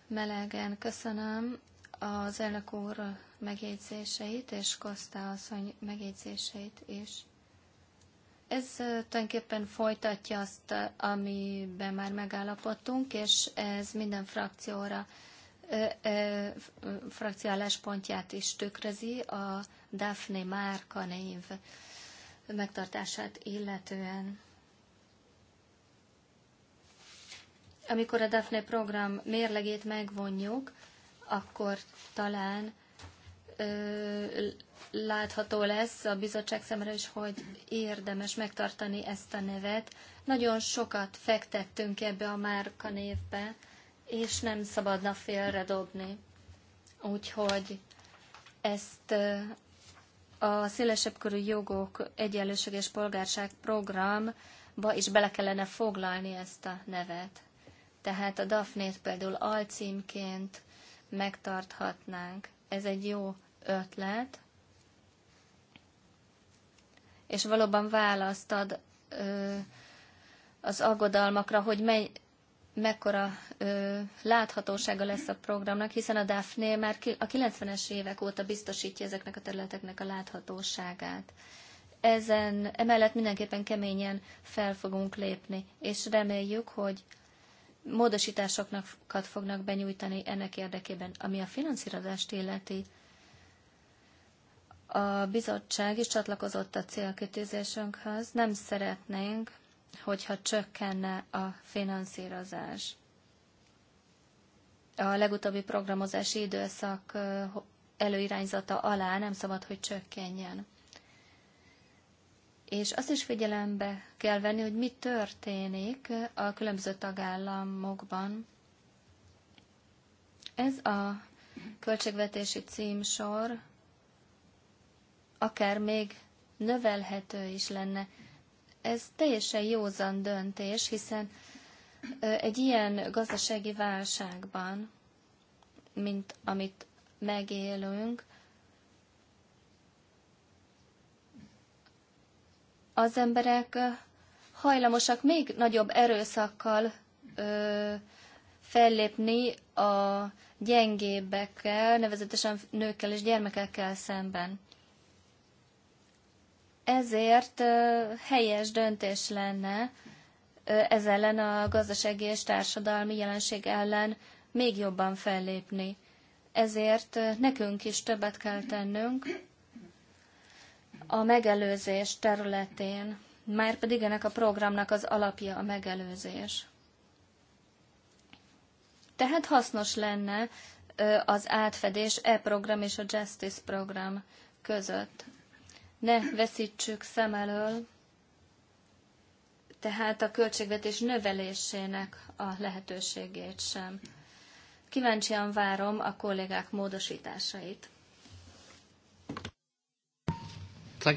Melegen köszönöm az elnök úr megjegyzéseit és Kosztá asszony megjegyzéseit is. Ez tulajdonképpen folytatja azt, amiben már megállapodtunk, és ez minden frakcióra frakció álláspontját is tükrözi a Daphne márka név megtartását illetően. Amikor a Daphne program mérlegét megvonjuk, akkor talán ö, látható lesz a bizottság szemre is, hogy érdemes megtartani ezt a nevet. Nagyon sokat fektettünk ebbe a márkanévbe, és nem szabadna félre dobni. Úgyhogy ezt a szélesebb körű jogok egyenlőség és polgárság programba is bele kellene foglalni ezt a nevet. Tehát a Daphnét például alcímként megtarthatnánk. Ez egy jó ötlet, és valóban választ ad ö, az aggodalmakra, hogy mely, mekkora ö, láthatósága lesz a programnak, hiszen a DAFNE már a 90-es évek óta biztosítja ezeknek a területeknek a láthatóságát. Ezen emellett mindenképpen keményen fel fogunk lépni, és reméljük, hogy módosításokat fognak benyújtani ennek érdekében. Ami a finanszírozást illeti, a bizottság is csatlakozott a célkötőzésünkhöz. Nem szeretnénk hogyha csökkenne a finanszírozás. A legutóbbi programozási időszak előirányzata alá nem szabad, hogy csökkenjen. És azt is figyelembe kell venni, hogy mi történik a különböző tagállamokban. Ez a költségvetési címsor akár még növelhető is lenne, ez teljesen józan döntés, hiszen egy ilyen gazdasági válságban, mint amit megélünk, az emberek hajlamosak még nagyobb erőszakkal ö, fellépni a gyengébbekkel, nevezetesen nőkkel és gyermekekkel szemben. Ezért helyes döntés lenne ez ellen a gazdasági és társadalmi jelenség ellen még jobban fellépni. Ezért nekünk is többet kell tennünk a megelőzés területén, már pedig ennek a programnak az alapja a megelőzés. Tehát hasznos lenne az átfedés e program és a Justice program között ne veszítsük szem elől tehát a költségvetés növelésének a lehetőségét sem. Kíváncsian várom a kollégák módosításait. Eh,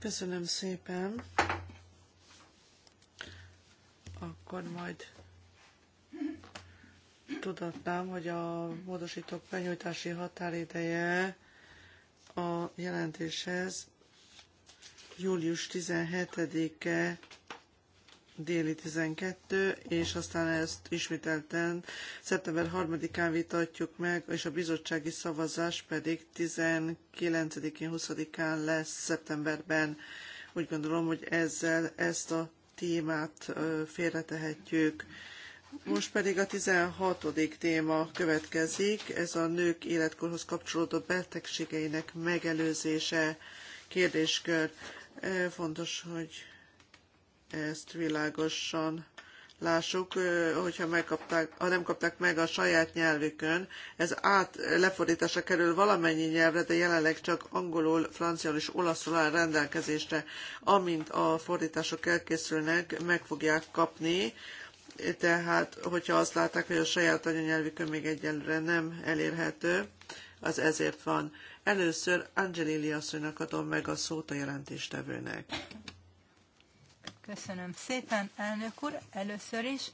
Köszönöm szépen. Akkor majd tudatnám, hogy a módosítók benyújtási határideje a jelentéshez július 17-e déli 12, és aztán ezt ismételten szeptember 3-án vitatjuk meg, és a bizottsági szavazás pedig 19-én, 20-án lesz szeptemberben. Úgy gondolom, hogy ezzel ezt a témát félretehetjük. Most pedig a 16. téma következik, ez a nők életkorhoz kapcsolódó betegségeinek megelőzése kérdéskör. E, fontos, hogy ezt világosan lássuk, e, hogyha megkapták, ha nem kapták meg a saját nyelvükön, ez át lefordításra kerül valamennyi nyelvre, de jelenleg csak angolul, franciául és olaszul áll rendelkezésre. Amint a fordítások elkészülnek, meg fogják kapni tehát hogyha azt látták, hogy a saját anyanyelvükön még egyelőre nem elérhető, az ezért van. Először Angelili asszonynak adom meg a szót a jelentéstevőnek. Köszönöm szépen, elnök úr. Először is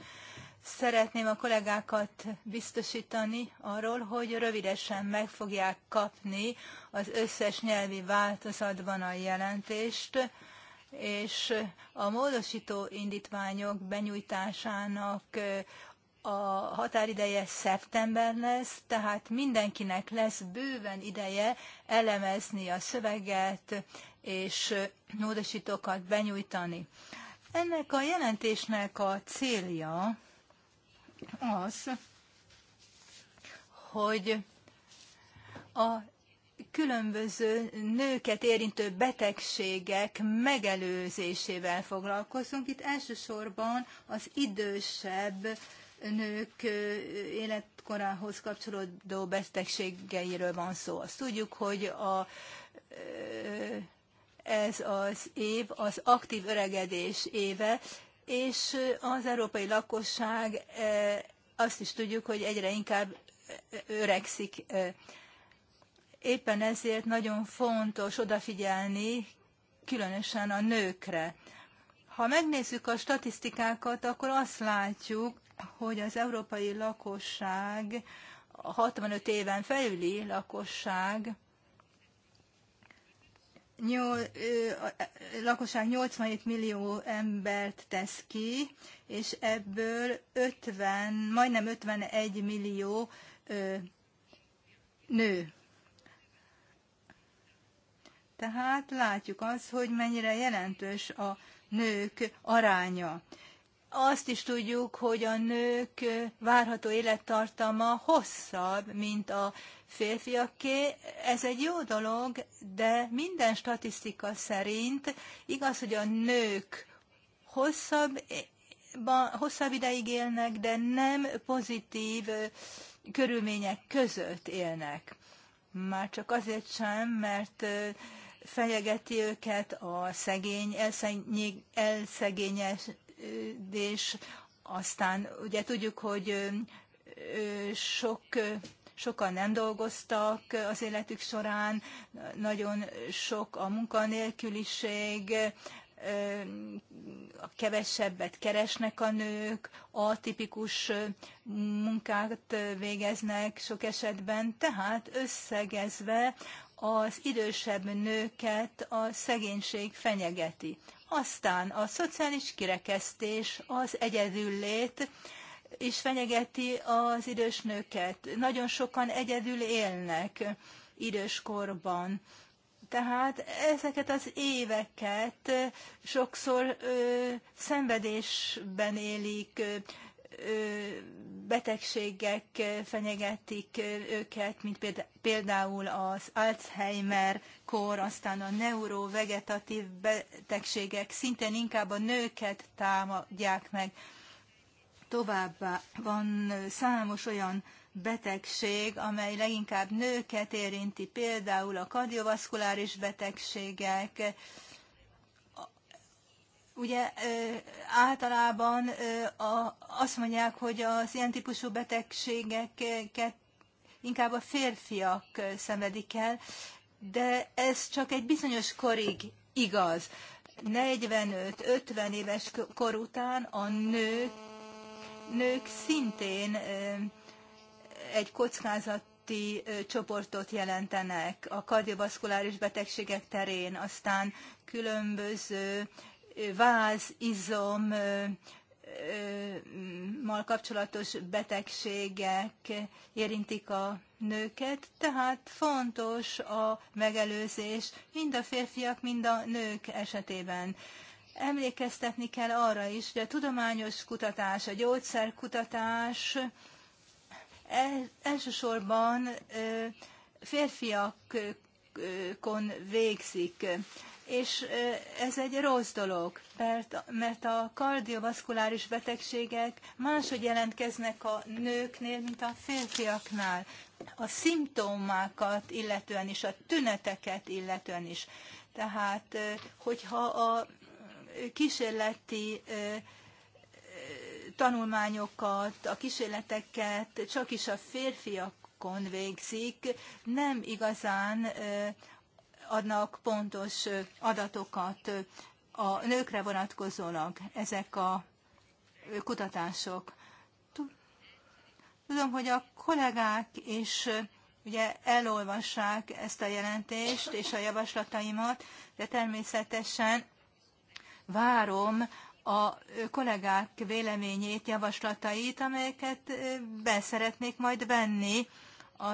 szeretném a kollégákat biztosítani arról, hogy rövidesen meg fogják kapni az összes nyelvi változatban a jelentést és a módosító indítványok benyújtásának a határideje szeptember lesz, tehát mindenkinek lesz bőven ideje elemezni a szöveget és módosítókat benyújtani. Ennek a jelentésnek a célja az, hogy a különböző nőket érintő betegségek megelőzésével foglalkozunk. Itt elsősorban az idősebb nők életkorához kapcsolódó betegségeiről van szó. Azt tudjuk, hogy a, ez az év az aktív öregedés éve, és az európai lakosság azt is tudjuk, hogy egyre inkább öregszik Éppen ezért nagyon fontos odafigyelni, különösen a nőkre. Ha megnézzük a statisztikákat, akkor azt látjuk, hogy az európai lakosság, 65 éven felüli lakosság, nyol, lakosság 87 millió embert tesz ki, és ebből 50, majdnem 51 millió nő tehát látjuk azt, hogy mennyire jelentős a nők aránya. Azt is tudjuk, hogy a nők várható élettartama hosszabb, mint a férfiaké. Ez egy jó dolog, de minden statisztika szerint igaz, hogy a nők hosszabb, hosszabb ideig élnek, de nem pozitív körülmények között élnek. Már csak azért sem, mert fenyegeti őket a szegény, elszegény, elszegényedés, aztán ugye tudjuk, hogy sok sokan nem dolgoztak az életük során, nagyon sok a munkanélküliség, a kevesebbet keresnek a nők, atipikus munkát végeznek sok esetben, tehát összegezve az idősebb nőket a szegénység fenyegeti. Aztán a szociális kirekesztés, az egyedüllét is fenyegeti az idős nőket. Nagyon sokan egyedül élnek időskorban. Tehát ezeket az éveket sokszor ö, szenvedésben élik, betegségek fenyegetik őket, mint például az Alzheimer kor, aztán a neurovegetatív betegségek szintén inkább a nőket támadják meg. Továbbá van számos olyan betegség, amely leginkább nőket érinti, például a kardiovaszkuláris betegségek, Ugye általában azt mondják, hogy az ilyen típusú betegségeket inkább a férfiak szenvedik el, de ez csak egy bizonyos korig igaz. 45-50 éves kor után a nők, nők szintén egy kockázati csoportot jelentenek a kardiovaszkuláris betegségek terén, aztán különböző váz, izom mal kapcsolatos betegségek érintik a nőket, tehát fontos a megelőzés mind a férfiak, mind a nők esetében. Emlékeztetni kell arra is, hogy a tudományos kutatás, a gyógyszerkutatás e-, elsősorban férfiakon végzik és ez egy rossz dolog, mert, mert a kardiovaszkuláris betegségek máshogy jelentkeznek a nőknél, mint a férfiaknál. A szimptomákat illetően is, a tüneteket illetően is. Tehát, hogyha a kísérleti tanulmányokat, a kísérleteket csak is a férfiakon végzik, nem igazán adnak pontos adatokat a nőkre vonatkozólag ezek a kutatások. Tudom, hogy a kollégák is ugye elolvassák ezt a jelentést és a javaslataimat, de természetesen várom a kollégák véleményét, javaslatait, amelyeket be szeretnék majd venni a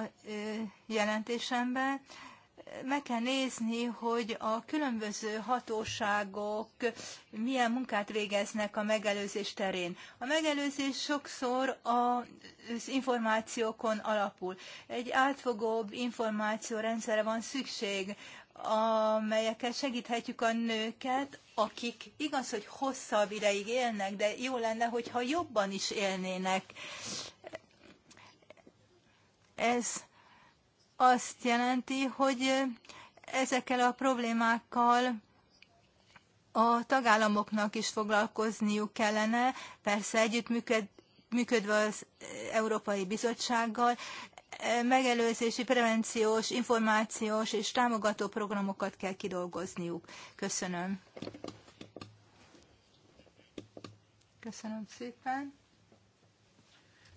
jelentésemben meg kell nézni, hogy a különböző hatóságok milyen munkát végeznek a megelőzés terén. A megelőzés sokszor az információkon alapul. Egy átfogóbb információrendszerre van szükség, amelyekkel segíthetjük a nőket, akik igaz, hogy hosszabb ideig élnek, de jó lenne, hogyha jobban is élnének. Ez azt jelenti, hogy ezekkel a problémákkal a tagállamoknak is foglalkozniuk kellene, persze együttműködve az Európai Bizottsággal, megelőzési, prevenciós, információs és támogató programokat kell kidolgozniuk. Köszönöm. Köszönöm szépen.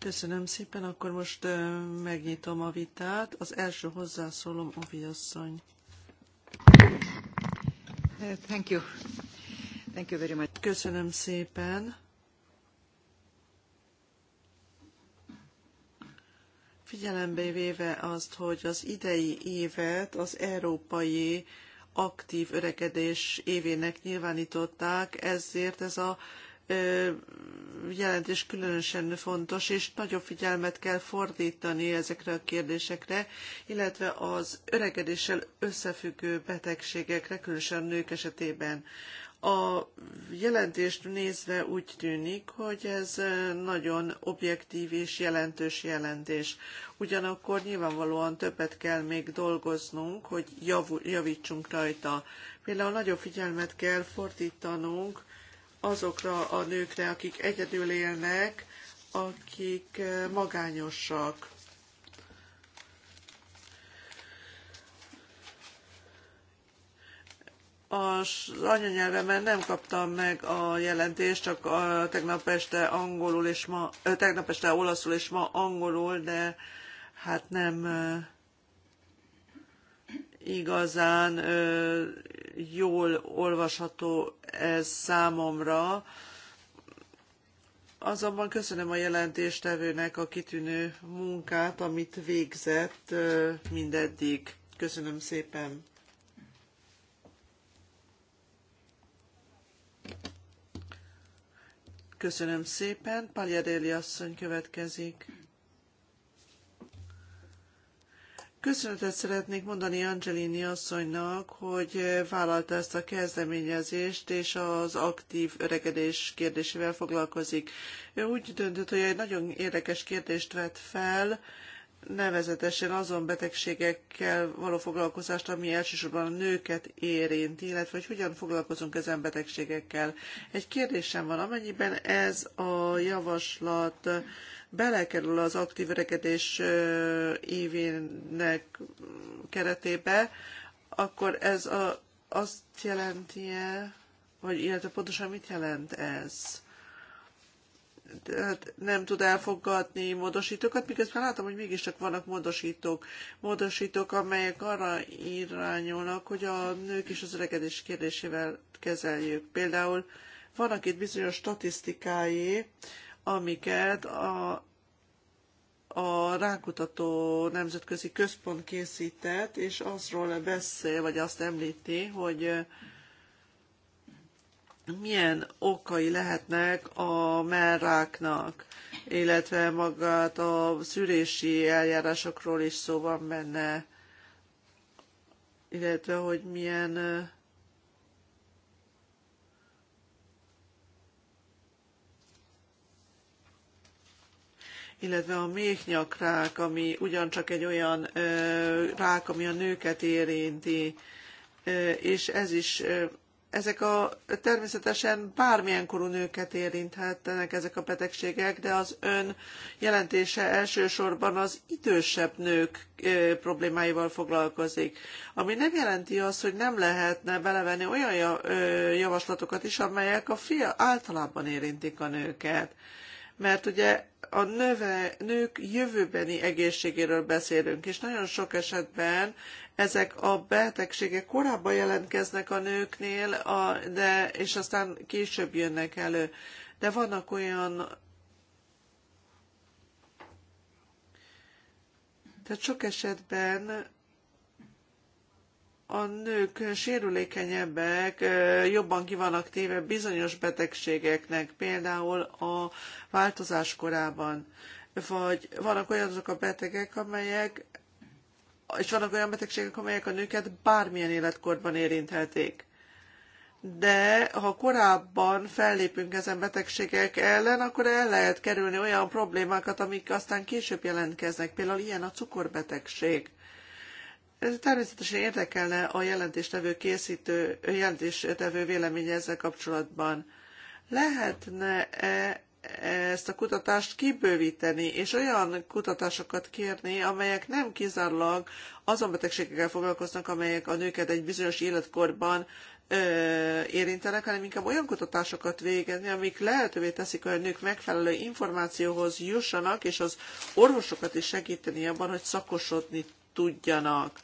Köszönöm szépen, akkor most megnyitom a vitát. Az első hozzászólom, Ovi asszony. Uh, thank you. Thank you very much. Köszönöm szépen. Figyelembe véve azt, hogy az idei évet az európai aktív öregedés évének nyilvánították, ezért ez a jelentés különösen fontos, és nagyobb figyelmet kell fordítani ezekre a kérdésekre, illetve az öregedéssel összefüggő betegségekre, különösen a nők esetében. A jelentést nézve úgy tűnik, hogy ez nagyon objektív és jelentős jelentés. Ugyanakkor nyilvánvalóan többet kell még dolgoznunk, hogy javítsunk rajta. Például nagyobb figyelmet kell fordítanunk, azokra a nőkre, akik egyedül élnek, akik eh, magányosak. az anyanyelvemen nem kaptam meg a jelentést, csak a, eh, tegnap este angolul és ma, eh, tegnap este olaszul és ma angolul, de hát nem igazán jól olvasható ez számomra. Azonban köszönöm a jelentéstevőnek a kitűnő munkát, amit végzett mindeddig. Köszönöm szépen. Köszönöm szépen. Paljadéli asszony következik. Köszönetet szeretnék mondani Angelini asszonynak, hogy vállalta ezt a kezdeményezést, és az aktív öregedés kérdésével foglalkozik. Ő úgy döntött, hogy egy nagyon érdekes kérdést vett fel, nevezetesen azon betegségekkel való foglalkozást, ami elsősorban a nőket érint, illetve hogy hogyan foglalkozunk ezen betegségekkel. Egy kérdésem van, amennyiben ez a javaslat belekerül az aktív öregedés évének keretébe, akkor ez a, azt jelenti -e, vagy illetve pontosan mit jelent ez? Tehát nem tud elfogadni módosítókat, miközben látom, hogy mégiscsak vannak módosítók. Módosítók, amelyek arra irányulnak, hogy a nők is az öregedés kérdésével kezeljük. Például vannak itt bizonyos statisztikái, amiket a, a ránkutató nemzetközi központ készített, és azról beszél, vagy azt említi, hogy milyen okai lehetnek a mellráknak, illetve magát a szűrési eljárásokról is szó van benne, illetve hogy milyen illetve a méhnyakrák, ami ugyancsak egy olyan rák, ami a nőket érinti, és ez is ezek a természetesen bármilyen korú nőket érinthetnek ezek a betegségek, de az ön jelentése elsősorban az idősebb nők problémáival foglalkozik. Ami nem jelenti azt, hogy nem lehetne belevenni olyan javaslatokat is, amelyek a fia általában érintik a nőket mert ugye a növe, nők jövőbeni egészségéről beszélünk, és nagyon sok esetben ezek a betegségek korábban jelentkeznek a nőknél, a, de, és aztán később jönnek elő. De vannak olyan Tehát sok esetben a nők sérülékenyebbek, jobban kivannak téve bizonyos betegségeknek, például a változás korában. Vagy vannak olyan azok a betegek, amelyek, és vannak olyan betegségek, amelyek a nőket bármilyen életkorban érinthetik de ha korábban fellépünk ezen betegségek ellen, akkor el lehet kerülni olyan problémákat, amik aztán később jelentkeznek, például ilyen a cukorbetegség. Ez természetesen érdekelne a jelentéstevő készítő, jelentéstevő véleménye ezzel kapcsolatban. Lehetne -e ezt a kutatást kibővíteni, és olyan kutatásokat kérni, amelyek nem kizárólag azon betegségekkel foglalkoznak, amelyek a nőket egy bizonyos életkorban ö, érintenek, hanem inkább olyan kutatásokat végezni, amik lehetővé teszik, hogy a nők megfelelő információhoz jussanak, és az orvosokat is segíteni abban, hogy szakosodni tudjanak.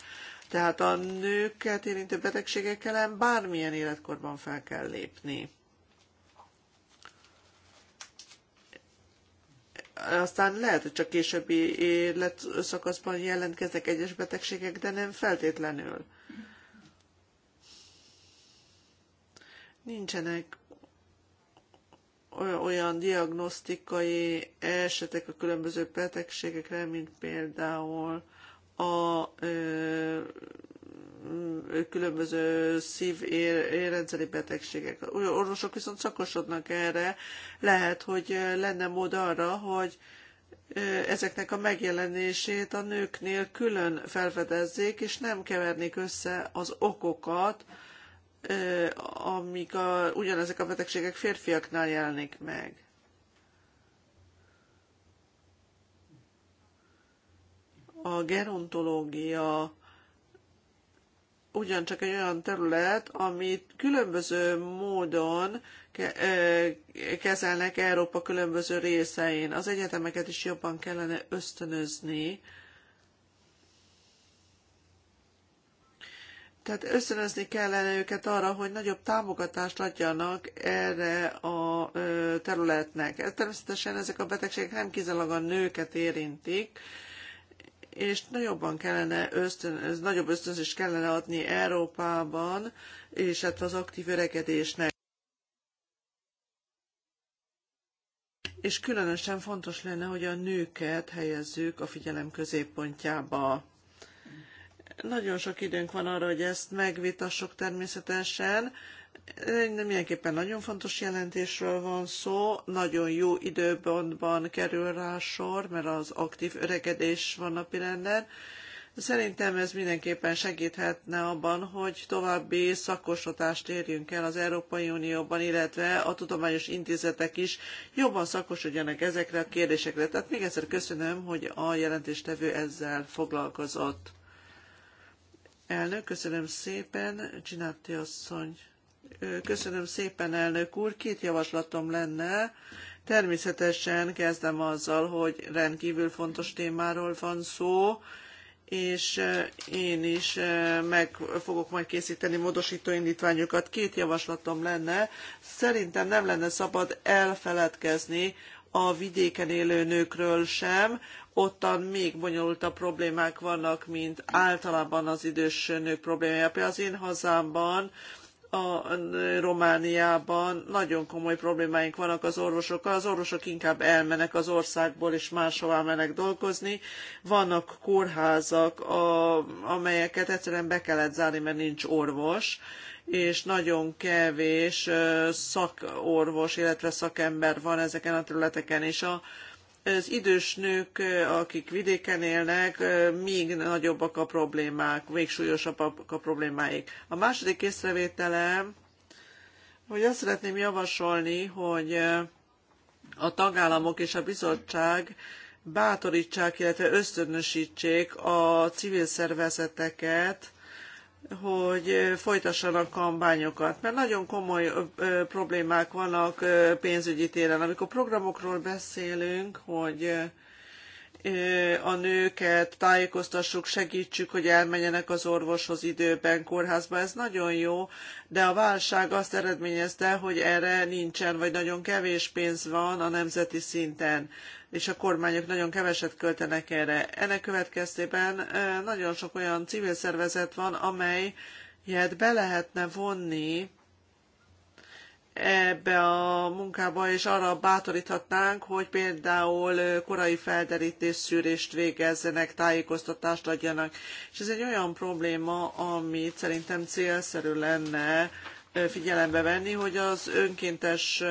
Tehát a nőket érintő betegségek ellen bármilyen életkorban fel kell lépni. Aztán lehet, hogy csak későbbi életszakaszban jelentkeznek egyes betegségek, de nem feltétlenül. Nincsenek olyan diagnosztikai esetek a különböző betegségekre, mint például a különböző szív-érrendszeri betegségek. Orvosok viszont szakosodnak erre. Lehet, hogy lenne mód arra, hogy ezeknek a megjelenését a nőknél külön felfedezzék, és nem kevernék össze az okokat, amik a, ugyanezek a betegségek férfiaknál jelenik meg. A gerontológia ugyancsak egy olyan terület, amit különböző módon kezelnek Európa különböző részein. Az egyetemeket is jobban kellene ösztönözni. Tehát ösztönözni kellene őket arra, hogy nagyobb támogatást adjanak erre a területnek. Természetesen ezek a betegségek nem kizárólag a nőket érintik, és nagyobban kellene ösztön, nagyobb ösztönzést kellene adni Európában, és hát az aktív öregedésnek. És különösen fontos lenne, hogy a nőket helyezzük a figyelem középpontjába. Nagyon sok időnk van arra, hogy ezt megvitassuk természetesen, de mindenképpen nagyon fontos jelentésről van szó, nagyon jó időpontban kerül rá sor, mert az aktív öregedés van napirenden. Szerintem ez mindenképpen segíthetne abban, hogy további szakosodást érjünk el az Európai Unióban, illetve a tudományos intézetek is jobban szakosodjanak ezekre a kérdésekre. Tehát még egyszer köszönöm, hogy a jelentéstevő ezzel foglalkozott. Elnök, köszönöm szépen, Csináti asszony. Köszönöm szépen, elnök úr. Két javaslatom lenne. Természetesen kezdem azzal, hogy rendkívül fontos témáról van szó, és e, én is e, meg fogok majd készíteni módosító indítványokat. Két javaslatom lenne. Szerintem nem lenne szabad elfeledkezni a vidéken élő nőkről sem, ottan még bonyolultabb problémák vannak, mint általában az idős nők problémája. Például az én hazámban a Romániában nagyon komoly problémáink vannak az orvosokkal. Az orvosok inkább elmenek az országból, és máshová mennek dolgozni. Vannak kórházak, a, amelyeket egyszerűen be kellett zárni, mert nincs orvos és nagyon kevés szakorvos, illetve szakember van ezeken a területeken, és a az idős nők, akik vidéken élnek, még nagyobbak a problémák, még súlyosabbak a problémáik. A második észrevételem, hogy azt szeretném javasolni, hogy a tagállamok és a bizottság bátorítsák, illetve ösztönösítsék a civil szervezeteket, hogy folytassanak kampányokat, mert nagyon komoly problémák vannak pénzügyi téren. Amikor programokról beszélünk, hogy a nőket tájékoztassuk, segítsük, hogy elmenjenek az orvoshoz időben, kórházba. Ez nagyon jó, de a válság azt eredményezte, hogy erre nincsen, vagy nagyon kevés pénz van a nemzeti szinten és a kormányok nagyon keveset költenek erre. Ennek következtében nagyon sok olyan civil szervezet van, amelyet be lehetne vonni ebbe a munkába, és arra bátoríthatnánk, hogy például korai felderítés szűrést végezzenek, tájékoztatást adjanak. És ez egy olyan probléma, amit szerintem célszerű lenne figyelembe venni, hogy az önkénteseket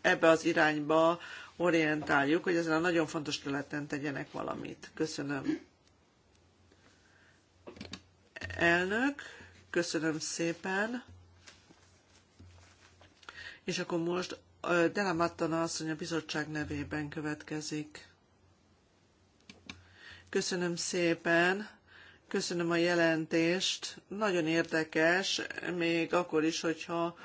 ebbe az irányba orientáljuk, hogy ezen a nagyon fontos területen tegyenek valamit. Köszönöm. Elnök, köszönöm szépen. És akkor most Mattana asszony a bizottság nevében következik. Köszönöm szépen, köszönöm a jelentést. Nagyon érdekes, még akkor is, hogyha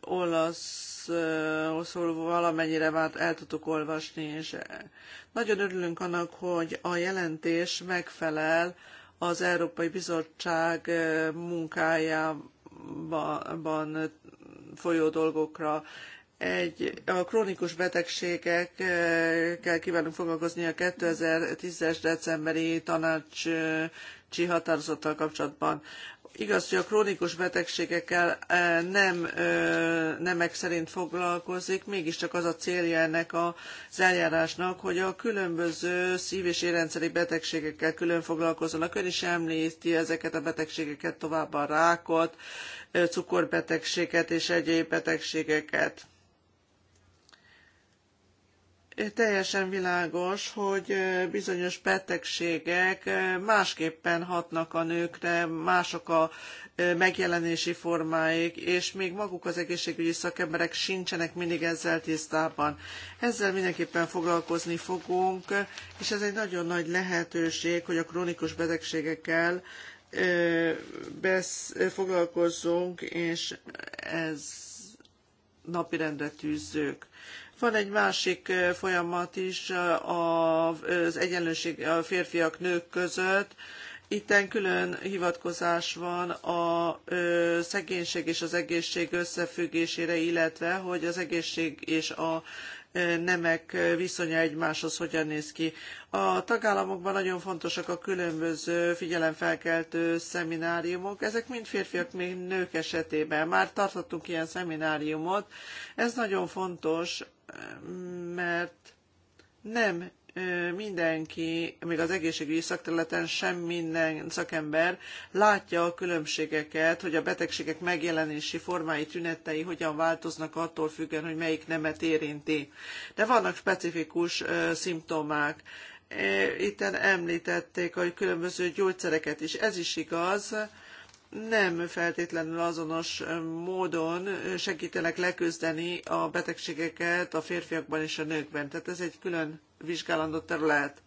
olaszul valamennyire már el tudtuk olvasni, és nagyon örülünk annak, hogy a jelentés megfelel az Európai Bizottság munkájában folyó dolgokra. Egy, a krónikus betegségekkel kívánunk foglalkozni a 2010-es decemberi tanácsi határozattal kapcsolatban igaz, hogy a krónikus betegségekkel eh, nem eh, nemek szerint foglalkozik, mégiscsak az a célja ennek az eljárásnak, hogy a különböző szív- és érrendszeri betegségekkel külön foglalkozzanak. Ön is említi ezeket a betegségeket, továbbá a rákot, cukorbetegséget és egyéb betegségeket. Teljesen világos, hogy bizonyos betegségek másképpen hatnak a nőkre, mások a megjelenési formáik, és még maguk az egészségügyi szakemberek sincsenek mindig ezzel tisztában. Ezzel mindenképpen foglalkozni fogunk, és ez egy nagyon nagy lehetőség, hogy a krónikus betegségekkel besz, foglalkozzunk, és ez napirendre tűzzük. Van egy másik folyamat is az egyenlőség a férfiak nők között. Itten külön hivatkozás van a szegénység és az egészség összefüggésére, illetve hogy az egészség és a nemek viszonya egymáshoz hogyan néz ki. A tagállamokban nagyon fontosak a különböző figyelemfelkeltő szemináriumok, ezek mind férfiak, mind nők esetében. Már tartottunk ilyen szemináriumot. Ez nagyon fontos, mert nem mindenki, még az egészségügyi szakterületen sem minden szakember látja a különbségeket, hogy a betegségek megjelenési formái, tünetei hogyan változnak attól függően, hogy melyik nemet érinti. De vannak specifikus szimptomák. Itten említették, hogy különböző gyógyszereket is. Ez is igaz, nem feltétlenül azonos módon segítenek leküzdeni a betegségeket a férfiakban és a nőkben. Tehát ez egy külön vizsgálandó terület.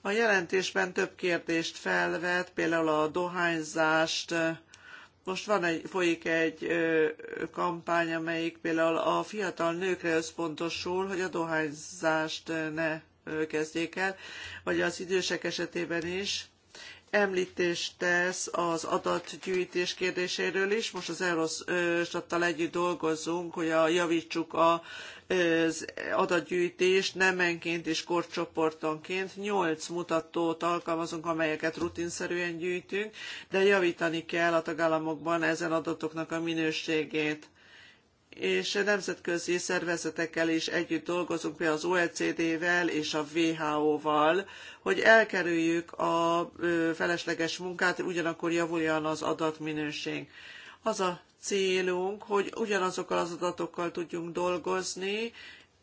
A jelentésben több kérdést felvet, például a dohányzást. Most van egy, folyik egy kampány, amelyik például a fiatal nőkre összpontosul, hogy a dohányzást ne kezdjék el, vagy az idősek esetében is említést tesz az adatgyűjtés kérdéséről is. Most az Eurostattal együtt dolgozunk, hogy a, javítsuk a, az adatgyűjtést nemenként és korcsoportonként. Nyolc mutatót alkalmazunk, amelyeket rutinszerűen gyűjtünk, de javítani kell a tagállamokban ezen adatoknak a minőségét és nemzetközi szervezetekkel is együtt dolgozunk, például az OECD-vel és a WHO-val, hogy elkerüljük a felesleges munkát, ugyanakkor javuljon az adatminőség. Az a célunk, hogy ugyanazokkal az adatokkal tudjunk dolgozni,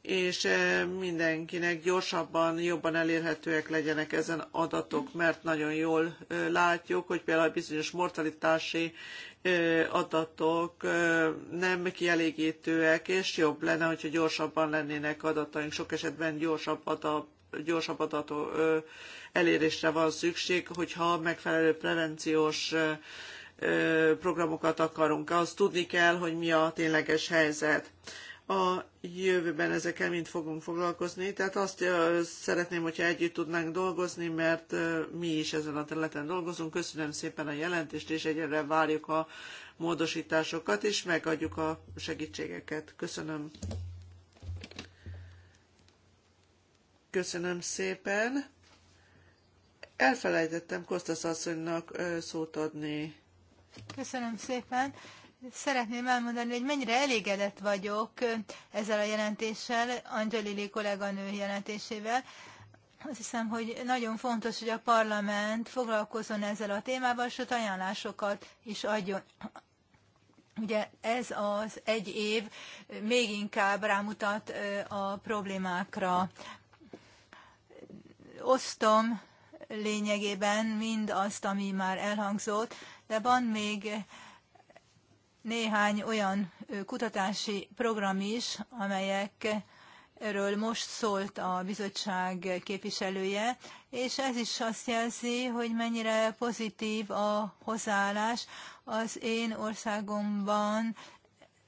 és eh, mindenkinek gyorsabban, jobban elérhetőek legyenek ezen adatok, mert nagyon jól eh, látjuk, hogy például bizonyos mortalitási eh, adatok nem kielégítőek, és jobb lenne, hogyha gyorsabban lennének adataink, sok esetben gyorsabb adat gyorsabb adat elérésre van szükség, hogyha megfelelő prevenciós programokat akarunk. Az tudni kell, hogy mi a tényleges helyzet a jövőben ezekkel mind fogunk foglalkozni, tehát azt szeretném, hogyha együtt tudnánk dolgozni, mert mi is ezen a területen dolgozunk. Köszönöm szépen a jelentést, és egyre várjuk a módosításokat, és megadjuk a segítségeket. Köszönöm. Köszönöm szépen. Elfelejtettem Kosztasz asszonynak szót adni. Köszönöm szépen szeretném elmondani, hogy mennyire elégedett vagyok ezzel a jelentéssel, Angelili kolléganő jelentésével. Azt hiszem, hogy nagyon fontos, hogy a parlament foglalkozzon ezzel a témával, sőt ajánlásokat is adjon. Ugye ez az egy év még inkább rámutat a problémákra. Osztom lényegében mindazt, ami már elhangzott, de van még néhány olyan kutatási program is, amelyekről most szólt a bizottság képviselője, és ez is azt jelzi, hogy mennyire pozitív a hozzáállás. Az én országomban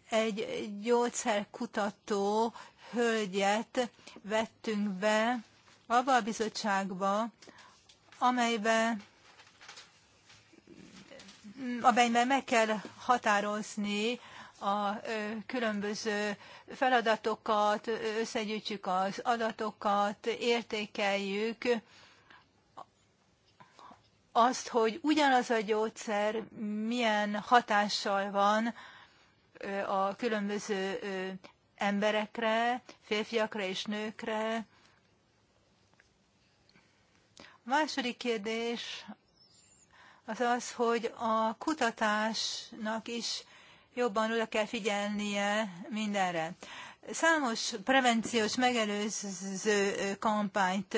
egy gyógyszerkutató hölgyet vettünk be abba a bizottságba, amelybe amelyben meg kell határozni a különböző feladatokat, összegyűjtjük az adatokat, értékeljük azt, hogy ugyanaz a gyógyszer milyen hatással van a különböző emberekre, férfiakra és nőkre. A második kérdés az az, hogy a kutatásnak is jobban oda kell figyelnie mindenre. Számos prevenciós megelőző kampányt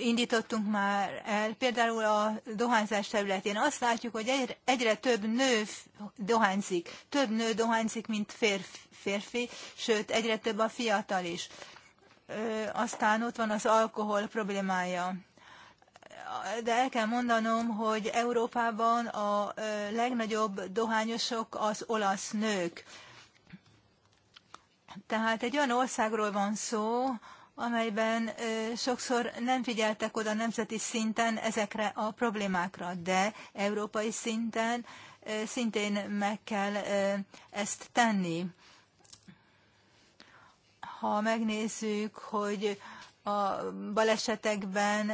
indítottunk már el, például a dohányzás területén. Azt látjuk, hogy egyre, egyre több nő dohányzik, több nő dohányzik, mint férfi, férfi, sőt, egyre több a fiatal is. Aztán ott van az alkohol problémája de el kell mondanom, hogy Európában a legnagyobb dohányosok az olasz nők. Tehát egy olyan országról van szó, amelyben sokszor nem figyeltek oda nemzeti szinten ezekre a problémákra, de európai szinten szintén meg kell ezt tenni. Ha megnézzük, hogy a balesetekben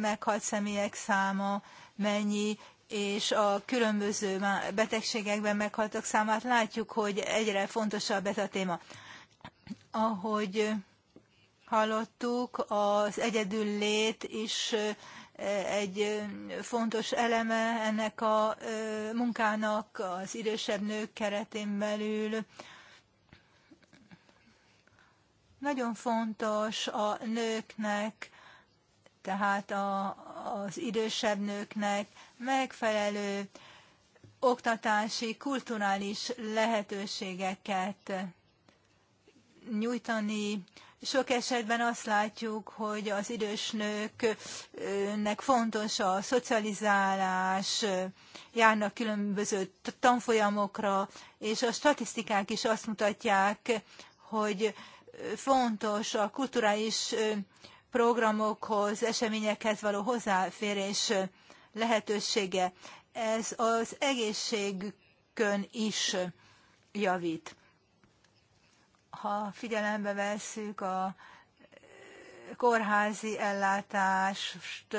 meghalt személyek száma mennyi, és a különböző betegségekben meghaltak számát látjuk, hogy egyre fontosabb ez a téma. Ahogy hallottuk, az egyedül lét is egy fontos eleme ennek a munkának az idősebb nők keretén belül. Nagyon fontos a nőknek, tehát a, az idősebb nőknek megfelelő oktatási, kulturális lehetőségeket nyújtani. Sok esetben azt látjuk, hogy az idős nőknek fontos a szocializálás, járnak különböző tanfolyamokra, és a statisztikák is azt mutatják, hogy fontos a kulturális programokhoz, eseményekhez való hozzáférés lehetősége. Ez az egészségükön is javít. Ha figyelembe vesszük a kórházi ellátást,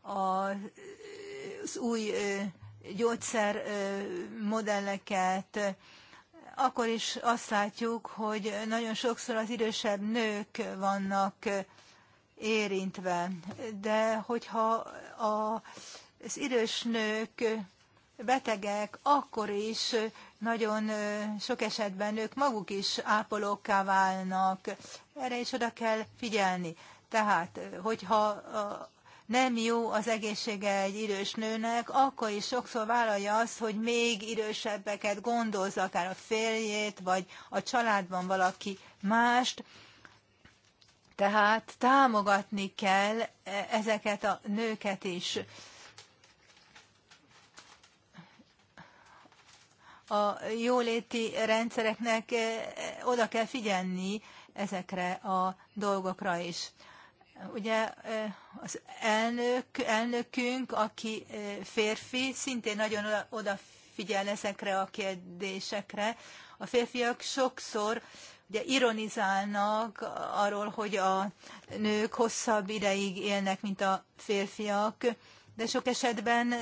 az új gyógyszermodelleket, akkor is azt látjuk, hogy nagyon sokszor az idősebb nők vannak érintve. De hogyha az idős nők betegek, akkor is nagyon sok esetben ők maguk is ápolókká válnak. Erre is oda kell figyelni. Tehát, hogyha nem jó az egészsége egy idős nőnek, akkor is sokszor vállalja azt, hogy még idősebbeket gondoz, akár a férjét, vagy a családban valaki mást. Tehát támogatni kell e- ezeket a nőket is. a jóléti rendszereknek e- oda kell figyelni ezekre a dolgokra is. Ugye az elnök, elnökünk, aki férfi, szintén nagyon odafigyel ezekre a kérdésekre. A férfiak sokszor ugye ironizálnak arról, hogy a nők hosszabb ideig élnek, mint a férfiak, de sok esetben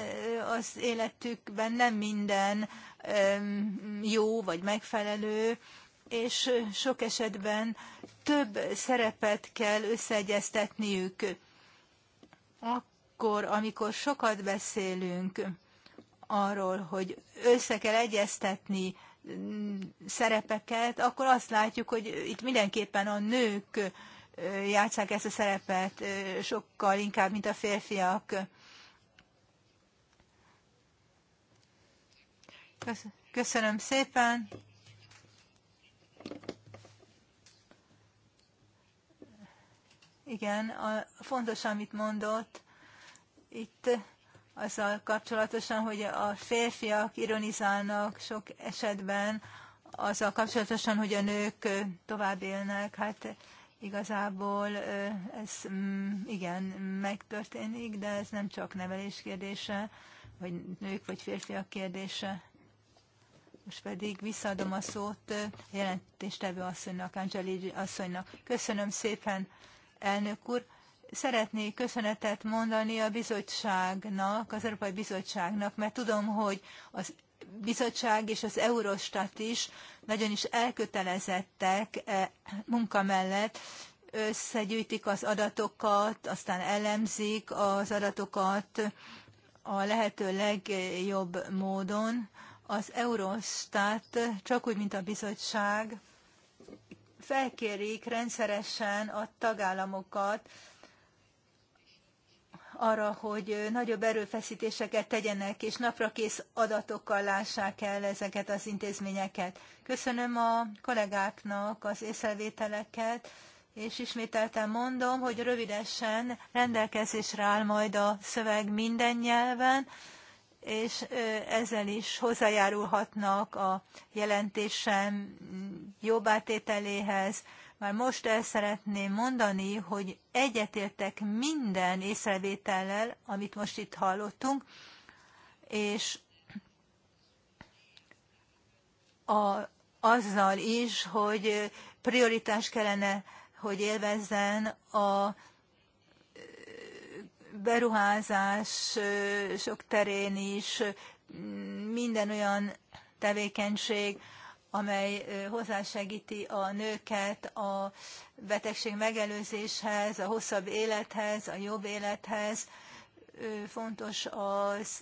az életükben nem minden jó vagy megfelelő, és sok esetben több szerepet kell összeegyeztetniük. Akkor, amikor sokat beszélünk arról, hogy össze kell egyeztetni szerepeket, akkor azt látjuk, hogy itt mindenképpen a nők játszák ezt a szerepet sokkal inkább, mint a férfiak. Köszönöm szépen! igen, a, fontos, amit mondott itt azzal kapcsolatosan, hogy a férfiak ironizálnak sok esetben, azzal kapcsolatosan, hogy a nők tovább élnek, hát igazából ez mm, igen, megtörténik, de ez nem csak nevelés kérdése, vagy nők vagy férfiak kérdése. Most pedig visszaadom a szót jelentéstevő asszonynak, Angeli asszonynak. Köszönöm szépen, elnök úr. Szeretnék köszönetet mondani a bizottságnak, az Európai Bizottságnak, mert tudom, hogy az bizottság és az Eurostat is nagyon is elkötelezettek e munka mellett, összegyűjtik az adatokat, aztán elemzik az adatokat a lehető legjobb módon. Az Eurostat, csak úgy, mint a bizottság, felkérik rendszeresen a tagállamokat arra, hogy nagyobb erőfeszítéseket tegyenek, és naprakész adatokkal lássák el ezeket az intézményeket. Köszönöm a kollégáknak az észrevételeket, és ismételten mondom, hogy rövidesen rendelkezésre áll majd a szöveg minden nyelven, és ezzel is hozzájárulhatnak a jelentésem átételéhez. Már most el szeretném mondani, hogy egyetértek minden észrevétellel, amit most itt hallottunk, és a, azzal is, hogy prioritás kellene, hogy élvezzen a beruházás sok terén is, mm, minden olyan tevékenység, amely hozzásegíti a nőket a betegség megelőzéshez, a hosszabb élethez, a jobb élethez. Fontos az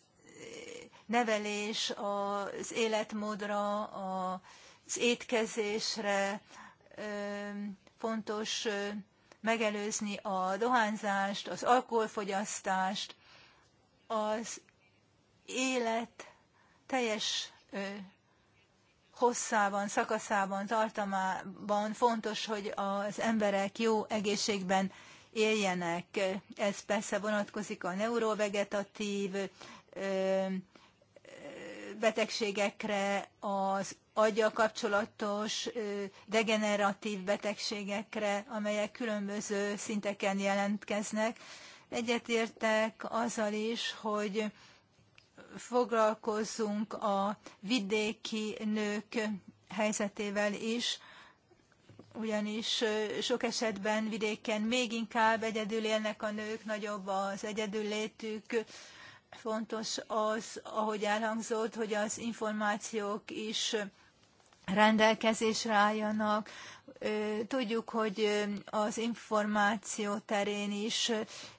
nevelés, az életmódra, az étkezésre, fontos megelőzni a dohányzást, az alkoholfogyasztást, az élet teljes hosszában, szakaszában, tartamában fontos, hogy az emberek jó egészségben éljenek. Ez persze vonatkozik a neurovegetatív betegségekre, az agya kapcsolatos degeneratív betegségekre, amelyek különböző szinteken jelentkeznek. Egyetértek azzal is, hogy foglalkozzunk a vidéki nők helyzetével is, ugyanis sok esetben vidéken még inkább egyedül élnek a nők, nagyobb az egyedüllétük, fontos az, ahogy elhangzott, hogy az információk is rendelkezésre álljanak. Tudjuk, hogy az információ terén is,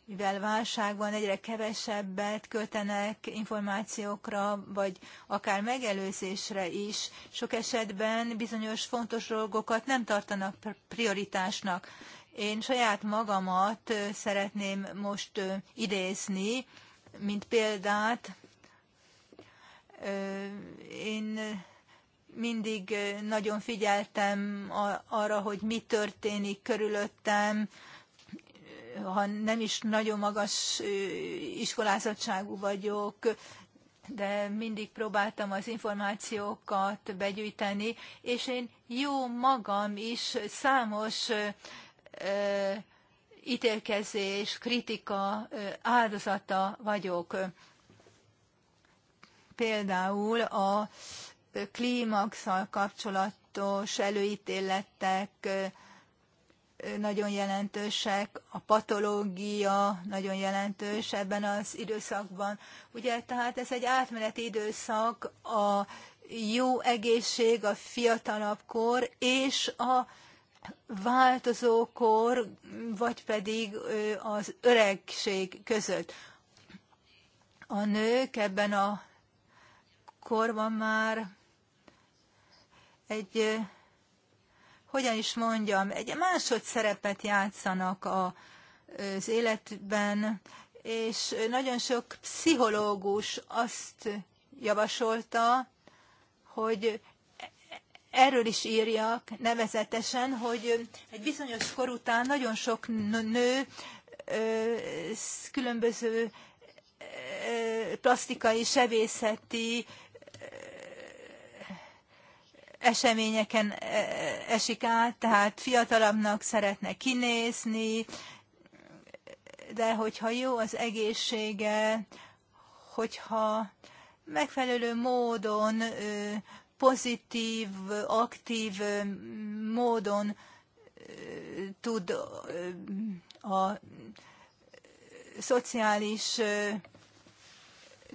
mivel válságban egyre kevesebbet költenek információkra, vagy akár megelőzésre is, sok esetben bizonyos fontos dolgokat nem tartanak prioritásnak. Én saját magamat szeretném most idézni, mint példát, én mindig nagyon figyeltem arra, hogy mi történik körülöttem, ha nem is nagyon magas iskolázatságú vagyok, de mindig próbáltam az információkat begyűjteni, és én jó magam is számos ítélkezés, kritika áldozata vagyok. Például a klímaxal kapcsolatos előítéletek nagyon jelentősek, a patológia nagyon jelentős ebben az időszakban. Ugye, tehát ez egy átmeneti időszak, a jó egészség, a fiatalabb kor és a változókor, vagy pedig az öregség között. A nők ebben a korban már egy, hogyan is mondjam, egy másod szerepet játszanak a, az életben, és nagyon sok pszichológus azt javasolta, hogy erről is írjak nevezetesen, hogy egy bizonyos kor után nagyon sok nő különböző plastikai, sebészeti eseményeken esik át, tehát fiatalabbnak szeretne kinézni, de hogyha jó az egészsége, hogyha megfelelő módon pozitív, aktív módon tud a szociális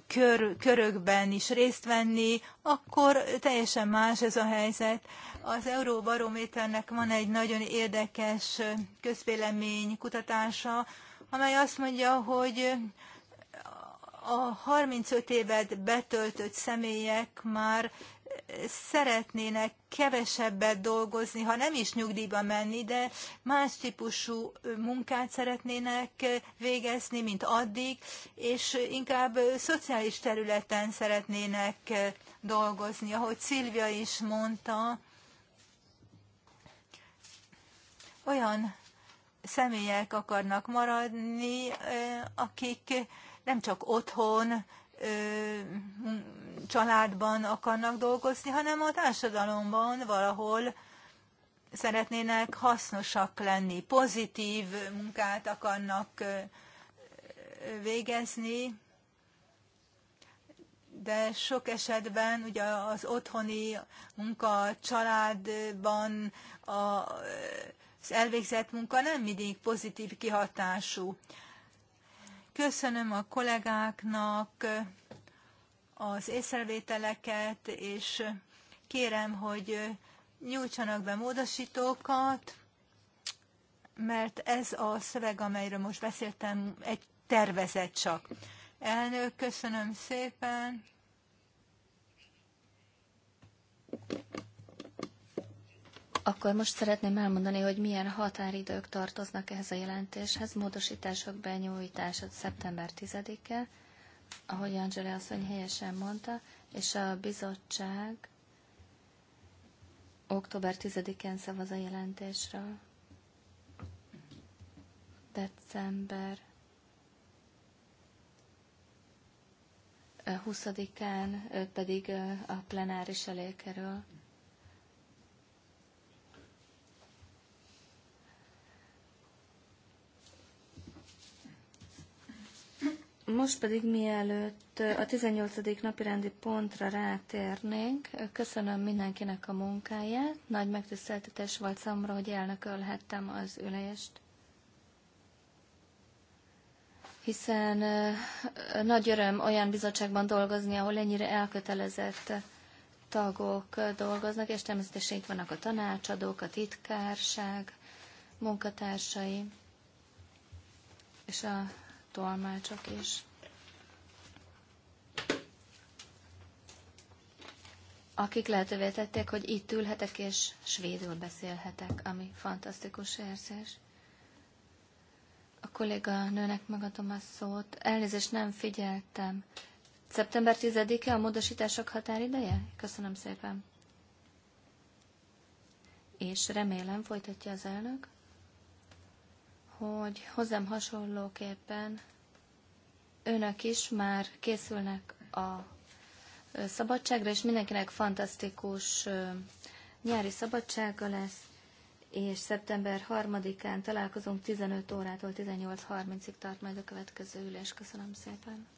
kör, körökben is részt venni, akkor teljesen más ez a helyzet. Az Euróbarométernek van egy nagyon érdekes közvélemény kutatása, amely azt mondja, hogy a 35 évet betöltött személyek már szeretnének kevesebbet dolgozni, ha nem is nyugdíjba menni, de más típusú munkát szeretnének végezni, mint addig, és inkább szociális területen szeretnének dolgozni, ahogy Szilvia is mondta, olyan személyek akarnak maradni, eh, akik nem csak otthon családban akarnak dolgozni, hanem a társadalomban valahol szeretnének hasznosak lenni, pozitív munkát akarnak végezni, de sok esetben ugye az otthoni munka a családban az elvégzett munka nem mindig pozitív kihatású Köszönöm a kollégáknak az észrevételeket, és kérem, hogy nyújtsanak be módosítókat, mert ez a szöveg, amelyről most beszéltem, egy tervezet csak. Elnök, köszönöm szépen. Akkor most szeretném elmondani, hogy milyen határidők tartoznak ehhez a jelentéshez. Módosítások benyújtása szeptember 10-e, ahogy Angela asszony helyesen mondta, és a bizottság október 10-én szavaz a jelentésről. December 20-án pedig a plenáris elé kerül. Most pedig mielőtt a 18. napirendi pontra rátérnénk, köszönöm mindenkinek a munkáját. Nagy megtiszteltetés volt számomra, hogy elnökölhettem az ülést. Hiszen nagy öröm olyan bizottságban dolgozni, ahol ennyire elkötelezett tagok dolgoznak, és természetesen itt vannak a tanácsadók, a titkárság, munkatársai, és a tolmácsok is. Akik lehetővé tették, hogy itt ülhetek és svédül beszélhetek, ami fantasztikus érzés. A kolléga nőnek megadom a szót. Elnézést, nem figyeltem. Szeptember 10-e a módosítások határideje? Köszönöm szépen. És remélem, folytatja az elnök, hogy hozzám hasonlóképpen önök is már készülnek a szabadságra, és mindenkinek fantasztikus nyári szabadsága lesz, és szeptember 3-án találkozunk 15 órától 18.30-ig tart majd a következő ülés. Köszönöm szépen!